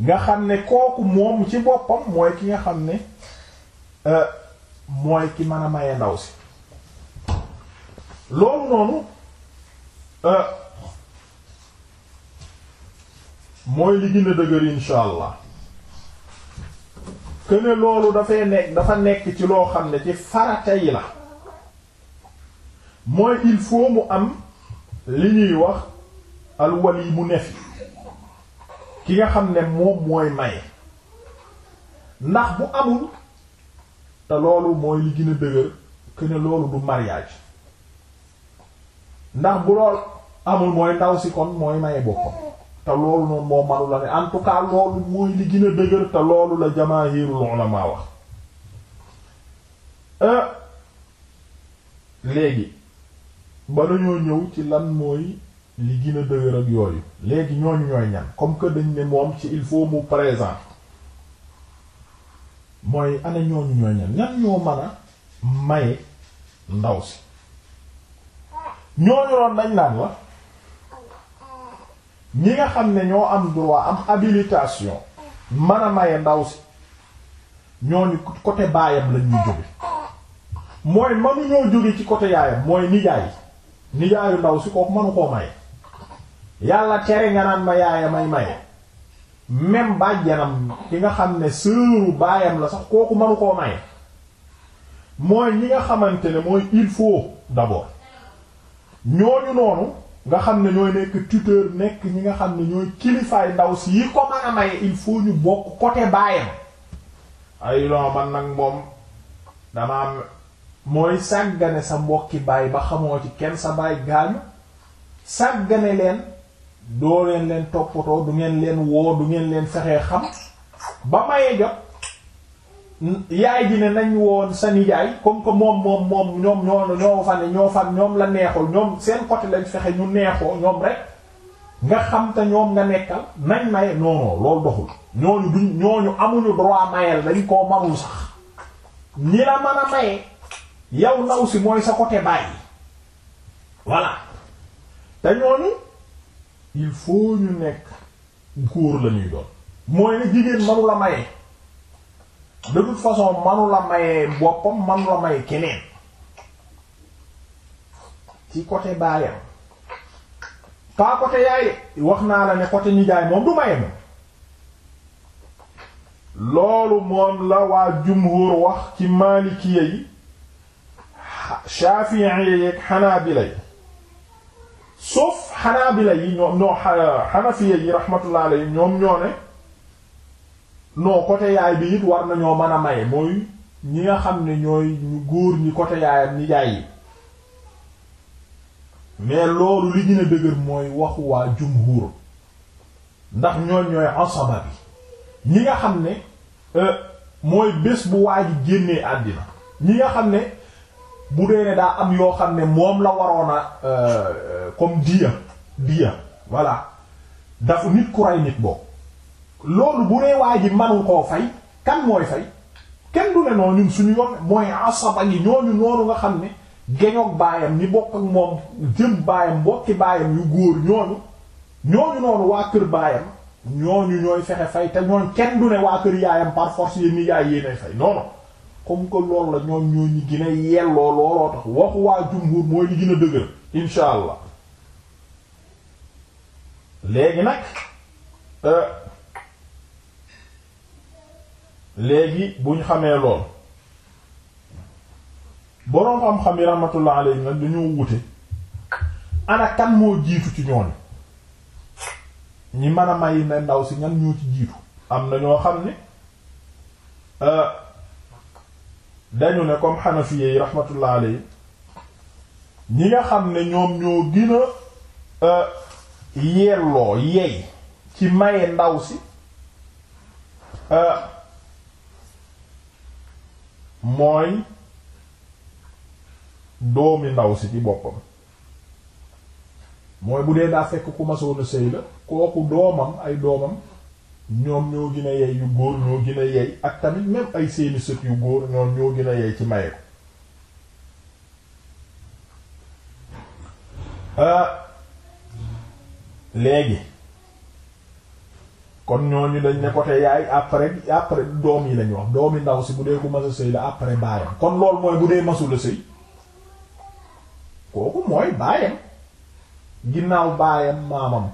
nga xam ne kooku moom ci boppam mooy ki nga xam ne euh, mooy ki mën a maye ndaw si loolu noonu euh, mooy li gën a dëgër insha këne loolu dafay nekk dafa nekk ci loo xam ne ci farata yi la mooy il faut mu am li ñuy wax yi mu nefi ki nga xam ne moom mooy maye ndax bu amul te loolu mooy li gën a dëgër këne loolu du mariage ndax bu lool amul mooy ndaw si kon mooy maye boppam te loolu moom moo manu la ne en loolu mooy li gën a dëgër te loolu la jamaahirul ulama wax euh, léegi ba dañoo ñëw ci lan mooy li gin a dëgër ak yooyu léegi ñooñu ñooy ñan comme que dañ ne moom ci il faut mu présent mooy ana ñooñu ñooy ñan ñan ñoo mën maye ndaw si ñooñu doon dañ naan la ñi nga xam ne ñoo am droit am habilitation mën a maye ndaw si ñooñu côté baayam la ñuy jóge mooy manu ñoo jóge ci côté yaayam mooy nijaay nijaayu ndaw si kooku manu koo maye yàlla tere nga naan ma yaayam ay maye même bàjjanam ki nga xam ne sëru baayam la sax kooku manu koo maye mooy ñi nga xamante ne mooy il faut d'abord ñooñu noonu nga xam ne ñooy nekk tuteur nekk ñi nga xam ne ñooy kilifaay ndaw si yi ko mën a maye il faut ñu bokk côté baayam ay non man nag moom dama am mooy sàggane sa mbokki baay ba xamoo ci kenn sa baay gaañu sàggane leen doo leen leen toppatoo du ngeen leen woo du ngeen leen fexee xam ba maye jot yaay ji ne nañ woon sa nijaay comme que moom moom ñoom ñoo ñoo fa ne ñoo fan ñoom la neexoo ñoom seen côté lañ fexe ñu neexoo ñoom rek nga xam te ñoom nga nekkal nañ maye non non loolu doxul ñooñu duñ ñooñu amuñu droit mayel dañ koo marul sax ñi la mën a maye yow ndaw si mooy sa côté bàyyi voilà te ñooñu il faut ñu nekk góor la ñuy doon mooy ne jigéen marul maye. de toute façon manu la maye boppam manu la maye keneen ci côté baayam pas côté yaay wax naa la ne côté nijaay moom du maye moom loolu moom la waa jumhur wax ci maalikiya yi shafi'iyya yi ak xanaabila yi sauf xanaabila yi ñoom ñoo xanafiya yi rahmatullah alayhi ñoom ñoo ne non côté yaay bi it war nañoo mën a maye mooy ñi nga xam ne ñooy ñu góor ñi côté yaayam ñi jaay yi mais loolu li gën a dëgër mooy waxu waa jumhur ndax ñooñ ñooy asaba bi ñi nga xam ne euh, mooy bés bu waa ji génnee àddina ñi nga xam ne bu dee ne daa am yoo xam ne moom la waroon a euh, comme diya diya voilà dafa nit ku ray nit boobu loolu bu dee waa ji manu koo fay kan mooy fay kenn du ne noonu suñu yoon mooy asaba yi ñooñu noonu nga xam ne geñoog baayam ñi bokk ak moom jëm baayam mbokki baayam yu góor ñooñu ñooñu noonu waa kër baayam ñooñu ñooy fexe fay te ñooñ kenn du ne waa kër yaayam par force yéen ni yaay yéenay fay non non comme que loolu la ñoom ñoo ñu a yelloo looloo tax waxu waa jumhur mooy li gën dëgër insha allah nag. Euh, léegi buñ xamee lool boroom xam-xam yi rahmatullah alayhi nag dañoo wute ana kan moo jiitu ci ñoon ñi mën a may ne ndaw si ñan ñoo ci jiitu am na ñoo xam ne euh, dañu ne comme xanafiye yi rahmatullah alayhi ñi nga xam ne ñoom ñoo gën a euh, yelloo yeey ci maye ndaw si euh, mooy doomi ndaw si ci boppam mooy bu dee daa fekk ku masoon a sëy la kooku doomam ay doomam ñoom ñoo gën a yey yu góor ñoo gën a yey ak tamit même ay seeni sët yu góor ñoom ñoo gën a yey ci maye ko euh, léegi kon ñooñu dañ ne côté yaay après après doom yi lañu wax doomi ndaw si bu dee ku masa sëy la après baayam kon loolu mooy bu dee masula sëy kooku mooy baayam ginnaaw baayam maamam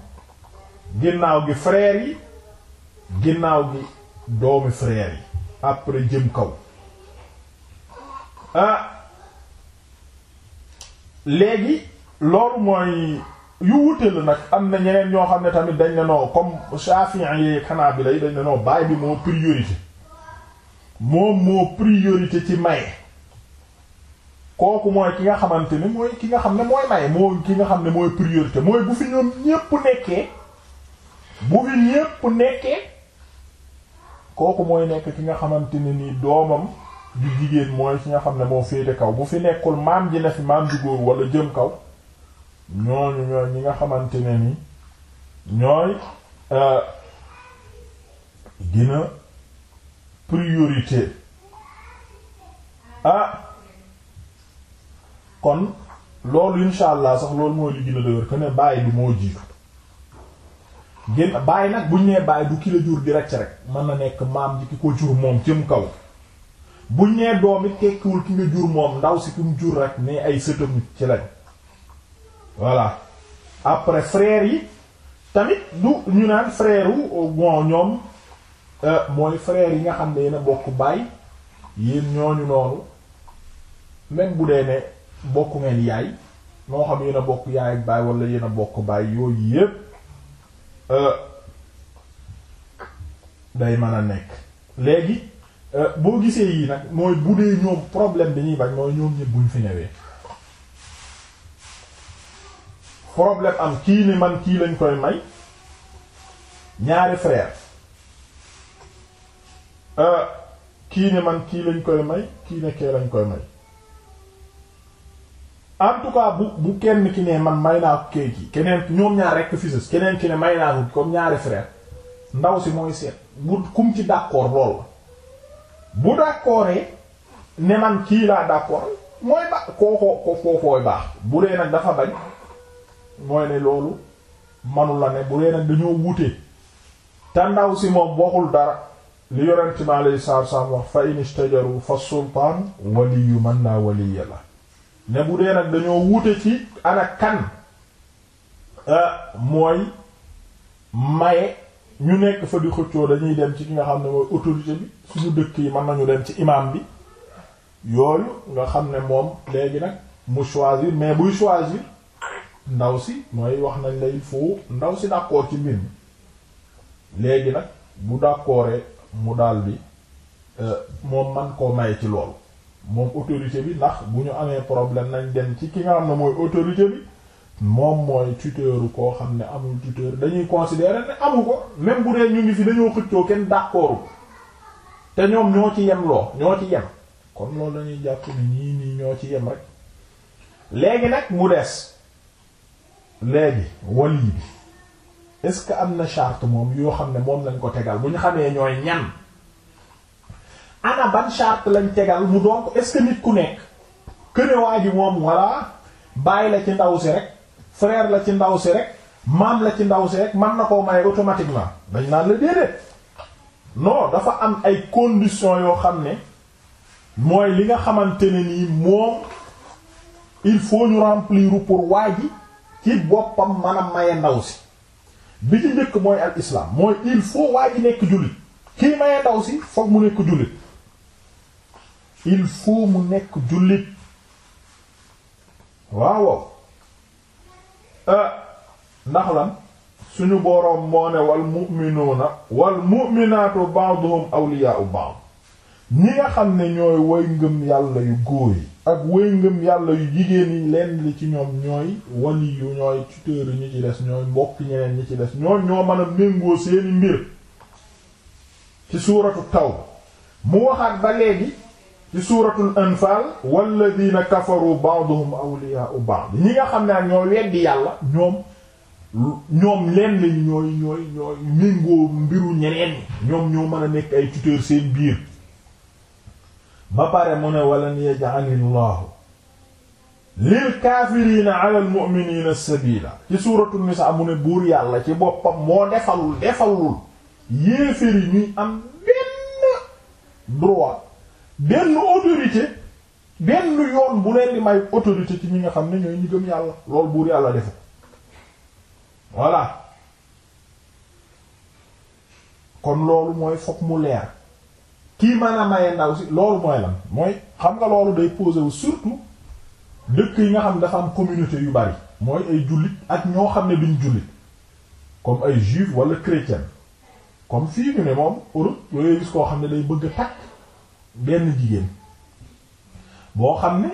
ginnaaw gi frère yi ginnaaw gi doomi frère yi après jëm kaw ah. léegi loolu mooy yu wute la nag am na ñeneen ñoo xam ne tamit dañ ne noo comme Shafi'i yi Hanabila yi dañ ne noo baay bi moo priorité moom moo priorité ci maye kooku mooy ki nga xamante ni mooy ki nga xam ne mooy maye ki nga xam ne mooy priorité mooy bu fi ñoom ñépp nekkee bu fi ñépp nekkee kooku mooy nekk ki nga xamante ne nii doomam di jigéen mooy ki nga xam ne moo féete kaw bu fi nekkul maam ji ne fi maam ju góor wala jëm kaw ñooñu ñooy ñi nga xamante ne ni ñooy euh, gina priorité ah kon loolu insha allah sax loolu mooy li gën a dëgër ne bàyyi bi moo jiitu gën bàyyi nag buñ nee bàyyi du ki jur di rek rek mën na nekk maam ji ki ko jur moom jëm kaw buñ nee doom it tekkiwul ki nga jur moom ndaw si ki jur rek ne ay sëtam ci lañ voilà après frère yi tamit du ñu naan frère wu euh, bon ñoom euh, mooy frère yi nga xam ne yéen a bokk baay yéen ñooñu noonu même bu dee ne bokk ngeen yaay moo xam yéen a bokk yaay ak baay wala yéen a bokk baay yooyu yëpp euh, day mën a nekk léegi boo gisee yii nag mooy bu dee ñoom problème bi ñuy bañ mooy ñoom ñépp buñ fi newee problème am kii ni man kii lañ koy may ñaari frère euh, kii ne man kii lañ koy may kii ne lañ koy may en bu bu kenn ki ne man may naa ko kii keneen ñoom ñaar rekk fi keneen ki ne may naa ko comme ñaari frère ndaw si mooy seet bu kum ci d'accord lool bu d'accordee ne man kii laa d'accord mooy ba kookoo ko foofooy baax bu dee nag dafa bañ mooy ne loolu manu la ne bu dee nag dañoo wute te ndaw si moom waxul dara li yonent mi alayhi salaatu salaam wax fa in istajaru fa sultaan waliyu man naa waliya la ne bu dee dañoo wute ci ana kan ah, mooy maye ñu nekk fa di xëccoo dañuy dem ci ki nga xam ne mooy autorité bi suñu dëkk yi man nañu dem ci imam bi yooyu nga xam ne moom léegi nag mu choisir mais buy choisir ndaw si mooy wax nañ la il ndaw si d'accord ci mbir léegi nag bu d'accordee mu daal daldi euh, moom man koo may ci loolu moom autorité bi ndax bu ñu amee problème nañ dem ci ki nga xam ne mooy autorité bi moom mooy tuteuru koo xam ne amul tuteur dañuy considérer ne amu ko même bu dee ñu ngi fi dañoo xëccoo kenn d'accordu te ñoom ñoo ci yem loo ñoo ci yem kon loolu dañuy jàpp ni ñii nii ñoo ci yem rek léegi nag mu dees léegi wali bi est-ce que am na charte moom yoo xam ne moom lañ ko tegal bu ñu xamee ñooy ñan ana ban charte lañ tegal mu donc est-ce nit ku nekk këne waa ji moom walla bàyyi la ci ndaw si rek frère la ci ndaw si rek maam la ci ndaw si rek man na koo may automatiquement dañ naan la déedéet non dafa am ay conditions yoo xam ne mooy li nga xamante ni nii moom il faut ñu remplir pour waa ji ci boppam mën a maye ndaw si bi ci njëkk mooy al islam mooy il faut waa ji nekk jullit kii maye ndaw si foog mu nekk jullit il faut mu nekk jullit waaw euh, ndax lan suñu boroom moo ne wal mu'minuuna wal mu'minaatu ba'duhum awliyaa'u ba'd ñi nga xam ne ñooy way ngëm yàlla yu góor yi ak way ngëm yàlla yu jigéen yi lenn li ci ñoom ñooy wali yu ñooy tuteur ñi ci des ñooy mbokk ñeneen ñi ci des ñoo ñoo mën a méngoo seeni mbir ci suuratu Tawba mu waxaat ba léegi ci suuratul anfaal walladina kafaru ba'duhum awliyaa'u ba'd ñi nga xam ne ak ñooy weddi yàlla ñoom ñoom lenn lañ ñooy ñooy ñooy méngoo mbiru ñeneen ñoom ñoo mën a nekk ay tuteur seen biir ba pare mu ne walan yaj'ali llahu lil kaafiriina ala al mu'miniina sabiila ci suuratu nisaa mu ne buur yàlla ci boppam moo defalul defalul yéeféri ñuy am benn droit benn autorité benn yoon bu leen di may autorité ci ñi nga xam ne ñooy ñu yàlla lool buur yàlla defu voilà kon loolu mooy fokk mu leer kii mën a maye ndaw si loolu mooy lan mooy xam nga loolu day posé wu surtout dëkk yi nga xam dafa am communauté yu bari mooy ay jullit ak ñoo xam ne duñ jullit comme ay juif wala chrétien comme fii ñu ne moom Europe yooyu gis koo xam ne day bëgg a takk benn jigéen boo xam ne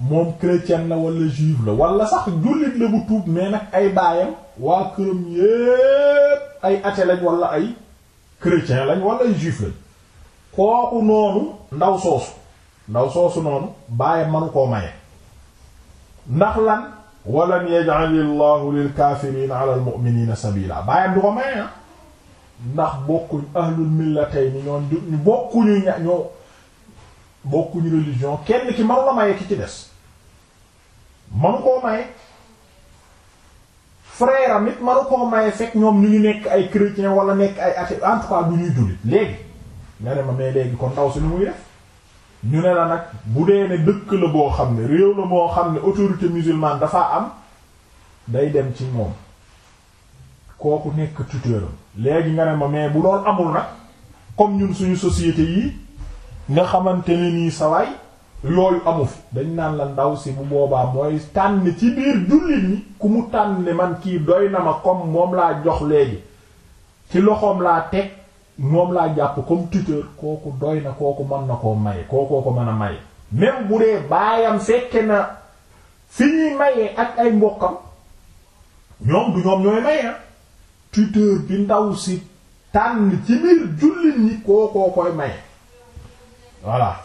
moom chrétien la wala juif la wala sax jullit la bu tuub mais nag ay baayam waa këram yépp ay athée lañ ay chrétien lañ wala ay juif lañ kooku noonu ndaw soosu ndaw soosu noonu bàyyi manu koo maye ndax lan walan yaj'alillahu lil kaafiriina ala al mu'miniina sabiila du ko maye ah ndax bokkuñ ahlul millatayni ñoon ñu bokkuñu ña ñoo bokkuñu religion kenn ki manu la maye ki ci des manu koo maye frère it manu koo maye fekk ñoom ñu ngi nekk ay chrétien wala nekk ay athée en du ñuy jullit léegi nga ne ma mais léegi ko ndaw si lu muy def ñu ne la nag bu dee ne dëkk la boo xam ne réew la boo xam ne autorité musulmane dafaa am day dem ci moom kooku nekk tuteur léegi nga ne ma mais bu loolu amul nag comme ñun suñu société yi nga xamante ne nii sawaay loolu amu fi dañ naan la ndaw si mu boobaa mooy tànn ci biir jullit ñi ku mu tànn man kii doy na ma comme moom laa jox léegi ci loxoom laa teg moom laa jàpp comme tuteur kooku doy na kooku mën na koo maye kookoo ko a maye même bu dee baayam fekke na fi ñuy mayee ak ay mbokkam ñoom du ñoom ñooy maye ah. tuteur bi ndaw si tànn ci biir jullit ñi kookoo koy maye voilà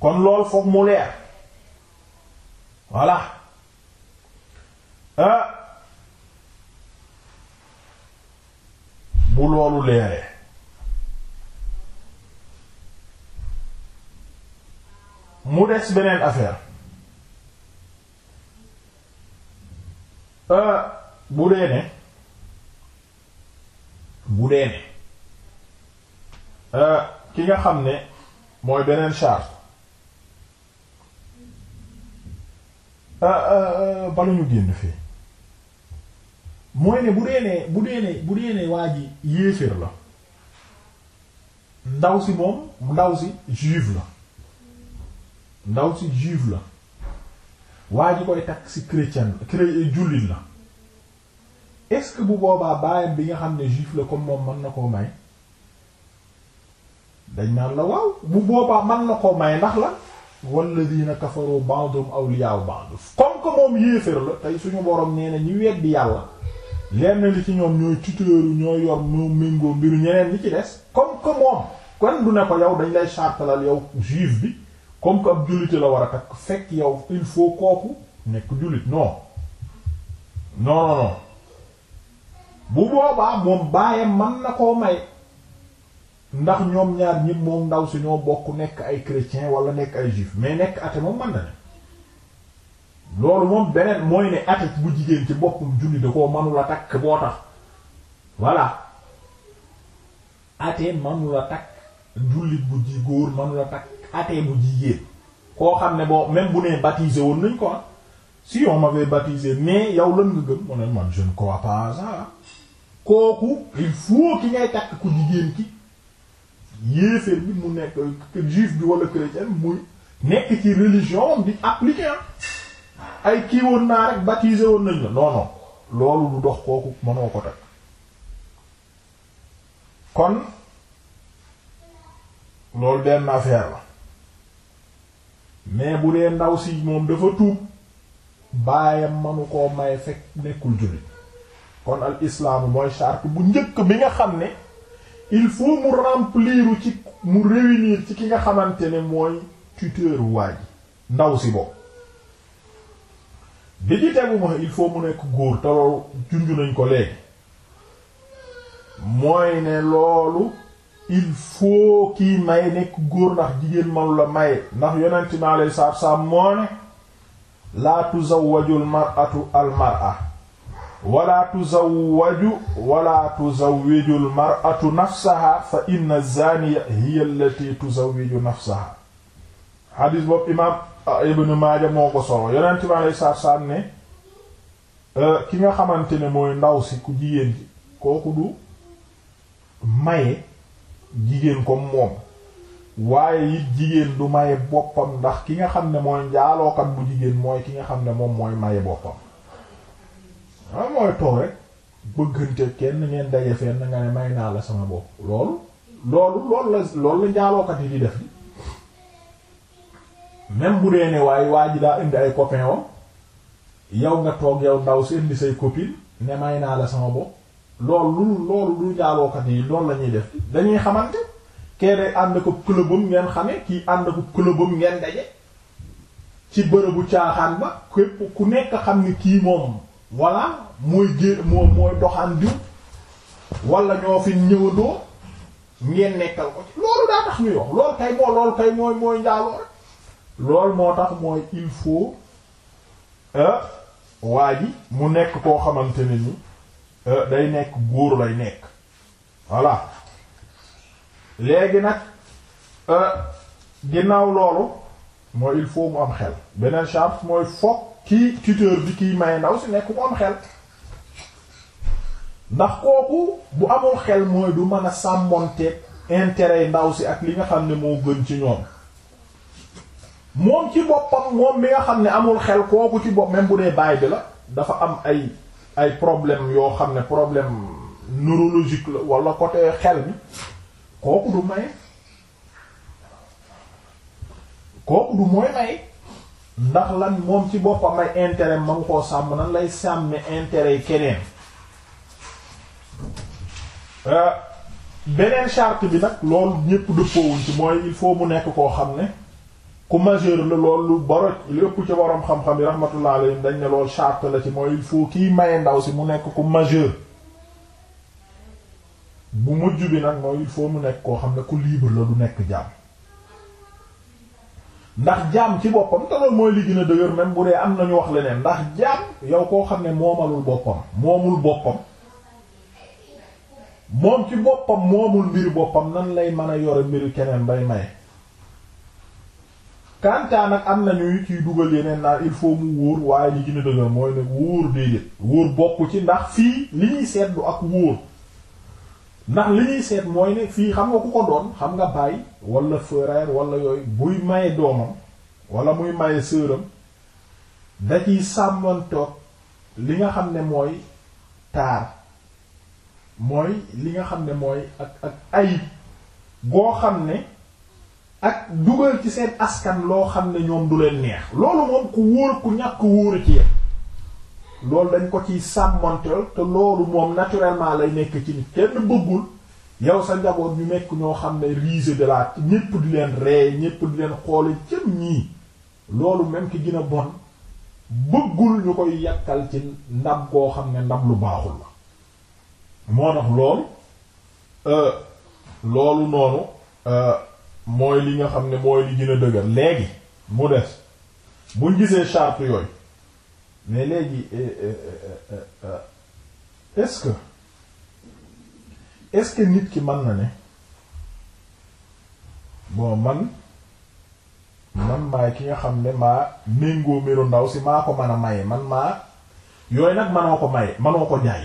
kon lool foog mu leer voilà ah. bu loolu leeree mu des beneen affaire euh, bu dee ne bu dee ne euh, ki nga xam ne mooy beneen charte euh, bala ñu génn fii mooy ne bu dee ne bu dee ne bu dee ne la ndaw si moom ndaw si juive ndaw si juif la waa ji koy takk si chrétien eh, jullit la est-ce que bu boobaa baayam bi nga xam ne juif la comme moom mën na koo may dañ naan la waaw bu boobaa mën na koo may ndax la walladina kafaru ba'dhum awliya'u ba'd comme que moom yéeféer la tey suñu borom nee na ñi weddi yàlla lenn li ci ñoom ñooy tuteeru ñooy yor ñoom méngoo mbiru ñeneen li ci des comme que moom kon du ne ko yow dañ lay chartalal yow juif bi comme que ab jullit la war a takk fekk yow il faut kooku nekk jullit non non non non bu boobaa moom baayam man na koo may ndax ñoom ñaar ñi moom ndaw si ñoo bokk nekk ay chrétien wala nekk ay juif mais nekk athée moom mën na ne loolu moom beneen mooy ne athée bu jigéen ci boppum julli da koo manula takk boo tax voilà athée manula takk jullit bu ji góor manula takk athée bu jigéen koo xam ne boo même bu nee baptisé woon nañ ko ah. si ma m'avait baptisé mais yow lan nga gëm mu ne man je ne crois pas ça ah. kooku il faut ki ngay takk ku jigéen ki yéeféer bi mu nekk juif bi wala chrétien muy nekk ci religion bi appliquer ah. ay kii woon naa rek baptisé woon nañ la non loolu du dox kooku mënoo ko takk kon loolu benn affaire la mais bu dee ndaw si moom dafa tuub baayam manu koo may fekk nekkul jullit kon al islaamu mooy charte bu njëkk bi nga xam ne il faut mu remplir ci mu réunir ci ki nga xamante ne mooy tuteur waa ji ndaw si bopp bi ci tegu il faut mu nekk góor te loolu junj nañ ko léegi mooy ne loolu il faut kii may nekk góor ndax jigéen manu la may ndax yonent mi alayhi salaatu salaam moo ne laa tuzawwajul mar'atu al mar'a wala tuzawwaju wala tuzawwijul mar'atu nafsaha fa inna zaaniya hiya allati tuzawwiju nafsaha xadiis boobu imaam ah, Ibn Maaja moo ko solo yonent mi alayhi salaatu salaam ne euh, ki nga xamante ne mooy ndaw si ku jigéen kooku du maye jigéen comme moom waaye it jigéen du maye boppam ndax ki nga xam ne mooy njaalookat bu jigéen mooy ki nga xam ne moom mooy maye boppam ah mooy toog rek bëggante kenn ngeen daje fenn nga ne may naa la sama bopp loolu loolu loolu la loolu la njaalookat yi di def même bu dee ne waaye waa ji daa indi ay copain wam yow nga toog yow ndaw si indi say copine ne may naa la sama bopp loolu lu loolu lu jaalookat yi loolu def dañuy xamante kee day ànd ko clubam ngeen xame kii ànd ko clubam ngeen daje ci bërëbu caaxaan ba képp ku nekk xam ni kii moom voilà mooy géer moom mooy doxaan diw wala ñoo fi ñëwandoo ngeen nekkal ko loolu daa tax ñuy wax loolu kay moo loolu kay mooy mooy njaaloo rek loolu moo tax mooy il faut euh waa ji mu nekk koo xamante ne ni Euh, day nekk góor lay nekk voilà léegi nag euh, ginnaaw loolu mooy il faut mu am xel beneen charte mooy fokk kii tuteur bi kiy may ndaw si nekk mu am xel ndax kooku bu amul xel mooy du mën a sàmmonteeg intérêt ndaw si ak li nga xam ne moo gën ci ñoom moom ci boppam moom mi nga xam ne amul xel kooku ci bopp même bu dee baay bi la dafa am ay ay problème yoo xam ne problème neurologique la wala côté xel mi kooku du maye kooku du mooy maye ndax lan moom ci boppam ay intérêt ma nga koo sàmm nan lay sàmme intérêt yi keneen euh, beneen charte bi nag loolu ñépp dëppoowuñ ci mooy il mu nekk koo xam ne ku majeur la loolu boro lu ci borom xam-xam yi rahmatullah alayhim dañ ne loolu charte la ci mooy il faut kiy maye ndaw si mu nekk ku majeur bu mujj bi nag mooy il faut mu nekk koo xam ne ku libre la du nekk jaam ndax jaam ci boppam te mooy li gën a dëgër même bu dee am nañu wax leneen ndax jaam yow koo xam ne moomalul boppam moomul boppam moom ci boppam moomul mbiri boppam nan lay mën a yore mbiru keneen bay maye kantaan nag am nañuy ciy dugal yeneen naan il faut mu wóor waaye li gën a dëgër mooy nag wóor déedéet wóor bokk ci ndax fii li ñuy seet du ak wóor ndax li ñuy seet mooy ne fii xam nga ku ko doon xam nga baay wala frère wala yooyu buy maye doomam wala muy maye sëram da ciy sàmmantoog li nga xam ne mooy taar mooy li nga xam ne mooy ak ak ayib goo xam ne ak dugal ci seen askan loo xam ne ñoom du leen neex loolu moom ku wóor ku ñàkk wóor ci yéen loolu dañ ko ciy sàmmonteel te loolu moom naturellement lay nekk ci nit kenn bëggul yow sa njaboot ñu nekk ñoo xam ne risée de la ñépp di leen ree ñépp di leen xoole cëm ñii loolu même ki gën bon bëggul ñu koy yàkkal ci ndab koo xam ne ndab lu baaxul la moo tax loolu euh, loolu noonu euh, mooy li nga xam ne mooy li gën a dëgër léegi mu des buñ gisee charte yooyu mais léegi eh, eh, eh, est-ce nit ki man na ne bon man man maay ki nga xam ne maa méngoo miru ndaw si maa ko man a maye man maa yooyu nag manoo ko maye manoo ko jaay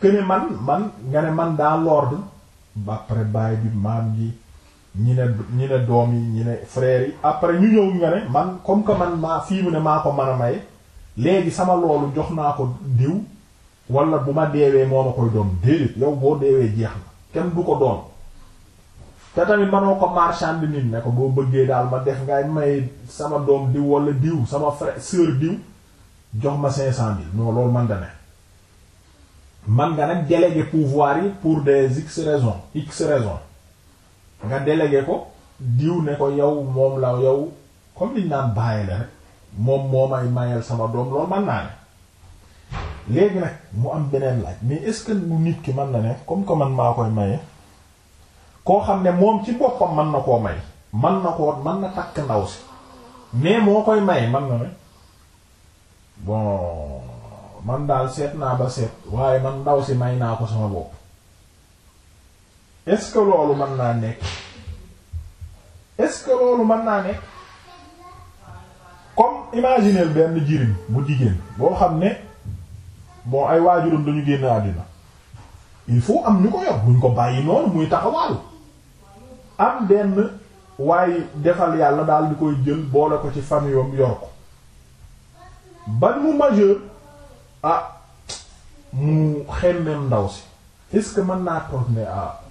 que ne man man nga ne man daa l'ordre ba après baay bi maam ji ñi ne ñi ne doom yi ñi ne frères yi après ñu ñëw nga ne man comme que man maa fii mu ne maa ko mën a may léegi sama loolu jox naa ko diw wala bu ma deewee moo ma koy doom déedéet yow boo deewee jeex na kenn du ko doom te tamit manoo ko marchand nit ne ko boo bëggee daal ma def ngay may sama doom diw wala diw sama frère sœur diw jox ma cinq cent mille non loolu man da ne man nga nag déléguer pouvoir yi pour des x raisons x raisons nga délégué ko diw ne ko yow moom la yow comme liñ naan bàyyi la rek moom moo may mayal sama doom loolu mën naa ne léegi nag mu am beneen laaj mais est-ce bu nit ki man na ne comme que man maa koy maye koo xam ne moom ci boppam mën na koo may man na ko man na takk ndaw si mais moo koy may man na ne bon man daal seet naa ba seet waaye man ndaw si may naa ko sama bopp est-ce que loolu mën naa nekk est-ce que loolu mën naa nekk comme imaginer benn jirim bu jigéen boo xam ne bon ay waajuram dañu génn àddina il faut am ñu ko yor buñ ko bàyyi noonu muy taxawaalu am benn waaye defal yàlla daal di koy jël boole ko ci famiyom yor ko ban mu majeur ah mu xemmem ndaw si est-ce que mën naa toog ah,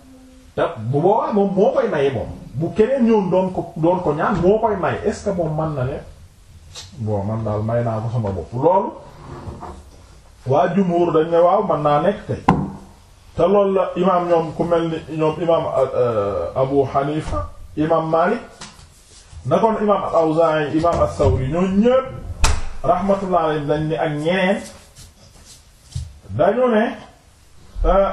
te bu boobaa moom moo koy maye moom bu keneen ñoom doon ko ñaan moo koy maye est moom man na ne bon man daal may naa ko sama bopp loolu waa jumhur dañ ne waaw man naa nekk tey te loolu la imaam ñoom ku mel ni ñoom imaam euh, euh, Abu Hanifa imaam Malik nakoon imaam al-Awzaa'i imaam as-Sawri ñoo ñëpp rahmatullah alayhi dañ ne ak ñeneen dañu ne euh,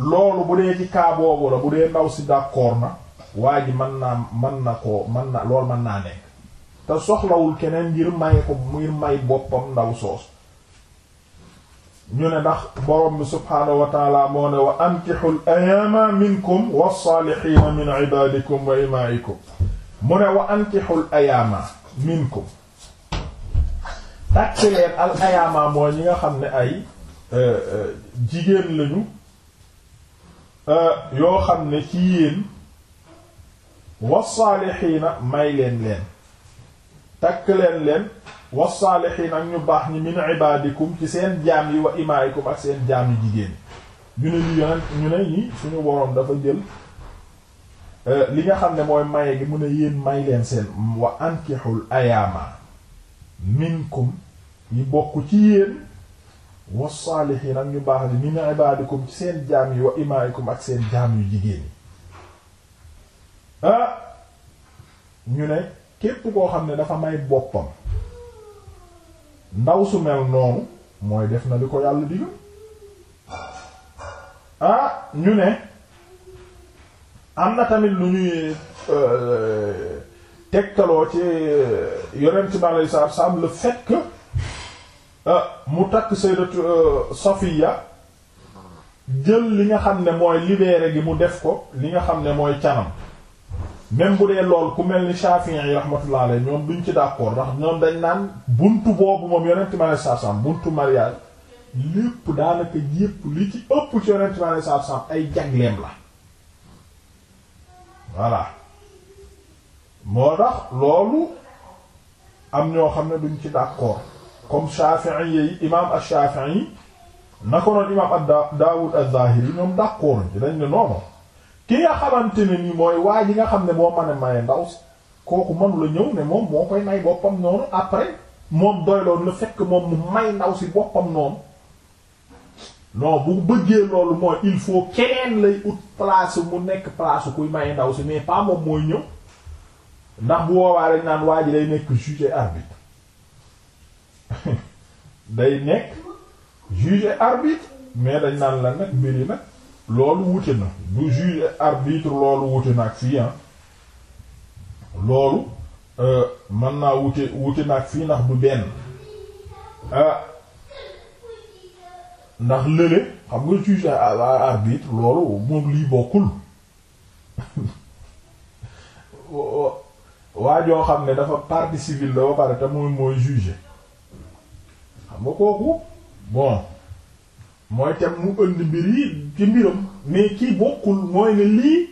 loolu bu dee ci cas la bu dee ndaw si d'accord na waa ji mën naa mën na ko man na loolu mën naa nekk te soxlawul keneen ngir may ko ngir may boppam ndaw soos ñu ne ndax borom bi subhaanahu wa taala moo ne wa ankixul ayaama minkum wasaalihina al ayaama mooy ñi nga xam ne ay euh, euh, jigéen lañu Euh, yoo xam ne ci yéen wasaalixiina may leen leen takk leen leen wasaalixiina ak ñu baax ñi min ibaadikum ci seen jaam yi wa imaayikum ak seen jaam yi jigéen ñu ne li ñu ne ñi suñu boroom dafa jël euh, li nga xam ne mooy maye gi mu ne yéen may leen seen wa ankixul ayaama minkum yi bokk ci yéen wasaalihiin ak ñu baax ni min ibaadikum ci seen jaam yi wa imaa'ikum ak seen jaam yu jigéen ñi ah, ñu ne képp koo xam ne dafa may boppam ndaw su mel noonu mooy def na li ko yàlla digal ah, ñu ne am na tamit lu ñuy euh, tegtaloo ci euh, yonent bi alayhi salaatu wa salaam le Euh, mu takk sayyidatu euh, Safiya jël li nga xam ne mooy libéré gi mu def ko li nga xam ne mooy canam même bu dee lool ku mel ni Shafi'i yi rahmatullah alayhi ñoom duñ ci d'accord ndax ñoom dañ naan buntu boobu moom yonent ma ne sarsam buntu mariage daa daanaka yépp li ci ëpp ci yonent ma ne sarsam ay jagleem la voilà moo tax loolu am ñoo xam ne duñ ci d'accord comme Shafi'i yi imaam ash-Shafi'i na ko noon imaam ad-Daawud az-Zaahiri ñoom d'accord dañ ne noonu ki nga xamante ne ni mooy waa ji nga xam ne moo mën a maye ndaw kooku mënu la ñëw ne moom moo koy may boppam noonu après moom doyloon la fekk moom mu may ndaw si boppam noonu non bu bëggee loolu mooy il faut keneen lay ut place mu nekk place kuy maye ndaw si mais pas moom mooy ñëw ndax bu woowaa lañ naan waa lay nekk juge arbitre day nekk juge arbitre mais dañ naan la nag mbiri nag loolu wute na du juge arbitre loolu wute na fii ah. loolu euh, mën naa wute wute na fii ndax du benn euh, ndax lële xam nga juge arbitre loolu moom lii bokkul waajoo xam ne dafa partie civile la ba pare te mooy mooy juge xam kooku bon mooy tem mu ënd mbir yi ci mbiram mais kii bokkul mooy ne lii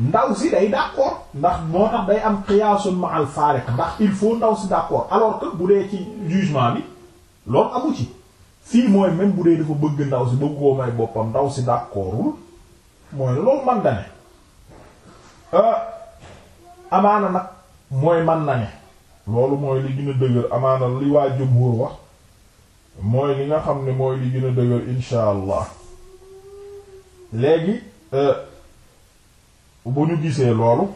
ndaw si day d'accord ndax moo tax day am xiyaasul ma al ndax il foo ndaw si d'accord alors que bu dee ci jugement bi loolu amu ci fii mooy même bu dee dafa bëgg ndaw si bëgg koo may boppam ndaw si d'accordul mooy loolu man da euh, amaana nag mooy man na ne loolu mooy li gën a dëgër amaana li waa jumhur wax mooy li nga xam ne mooy li gën a dëgër insha léegi euh, bu ñu gisee loolu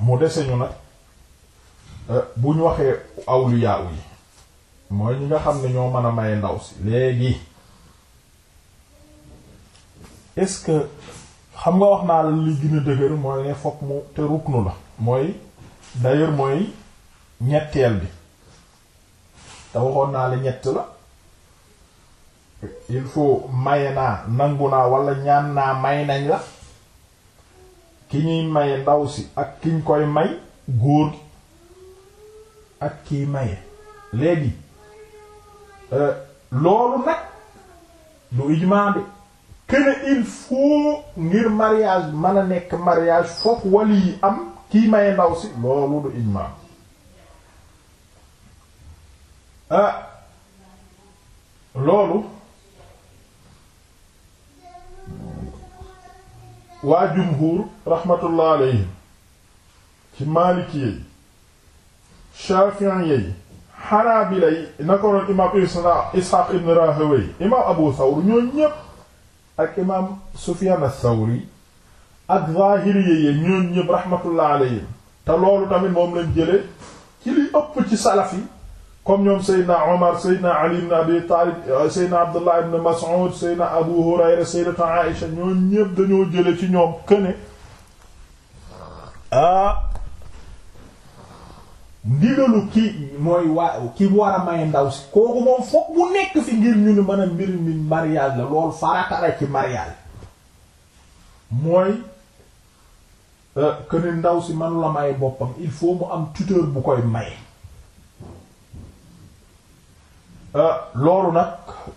mu deseñu nag euh, bu ñu waxee awliya yi mooy ñi nga xam ne ñoo mën a maye ndaw si léegi est-ce que xam nga wax naa la li gën a dëgër mooy ne fokk mu te ruknu la mooy d'ailleurs mooy ñetteel bi te waxoon naa la ñett la il faut maye naa nangu naa wala ñaan naa may nañ la ki ñuy maye ndaw si ak kiñ koy may góor ak kii maye léegi euh, loolu nag du ijmaa bi këne il faut ngir mariage mën a nekk mariage fokk wali am kiy maye ndaw si loolu du ijmaa ah loolu waa jumhur rahmatullah alayhim ci maaliki yey shafi'i yey xanaabila yi na ko noon imaam isxaaq ibn rahawey imaam abu thawr ñoo ñépp ak imaam sufyan ath-thawri ak zahiri yey ñoo ñépp rahmatullah alayhim te loolu tamit moom lañ jële ci li ëpp ci salaf yi comme ñoom Seydina Omar Seydina Ali ibn Abi Taalib euh, Abu Hurayra Seydina Aïsha ñoom ñépp dañoo jële ci ñoom këne ah ndigalu ki mooy waa ki war a may ndaw si kooku moom fokk mu nekk fi ngir ñu ni a mbir mi mariage la loolu farata ci mariage mooy këne euh, ndaw si man la may boppam il faut mu am tuteur bu koy maye Ah, loolu nag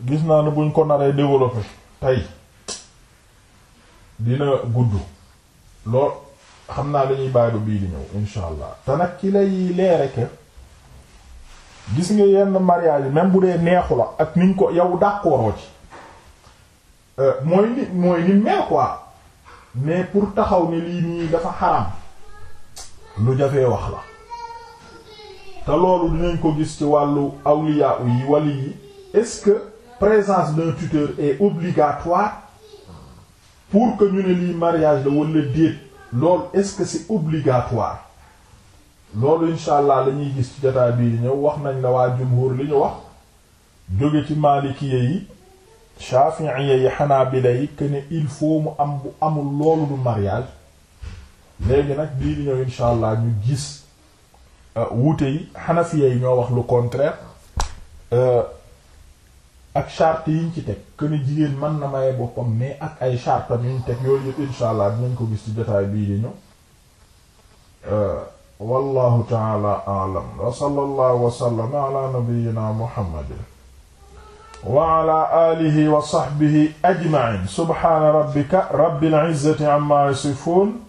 gis naa ne buñ ko naree développer tey dina gudd lool xam naa dañuy bàyyi ba bii di ñëw insha allah te nag ci lay leere ke gis nga yenn mariage yi même bu dee neexu la ak niñ ko yow d'accord ci euh, mooy ni mooy ni mais quoi mais pour taxaw ne lii nii dafa xaram lu jafee wax la te loolu dinañ ko gis ci wàllu awliya yi wali yi est-ce que présence d'un tuteur est obligatoire pour que ñu ne lii mariage la wala déet loolu est-ce que c'est obligatoire loolu insha allah la ñuy gis ci jotaay bii di ñëw wax nañ la waa jumhur li ñu wax jóge ci maalikiye yi shafi'iye yi hanabila yi que ne il faut mu am bu amul loolu du mariage léegi nag bii di ñëw insha allah ñu gis Euh, wuute yi xanafiya yi ñoo lu contraire euh, ak charte yiñ ci teg que ni jigéen mën na maye boppam mais ak ay chartam yuñ teg yooyu yëpp insha allah dinañ ko gis ci jotaay bii di ñëw euh, wallahu taala alam wa sallallahu wa sallama ala nabiyyina muhammadin wa ala alihi wa sahbihi ajma'in subhana rabbika rabbil izzati amma yasifun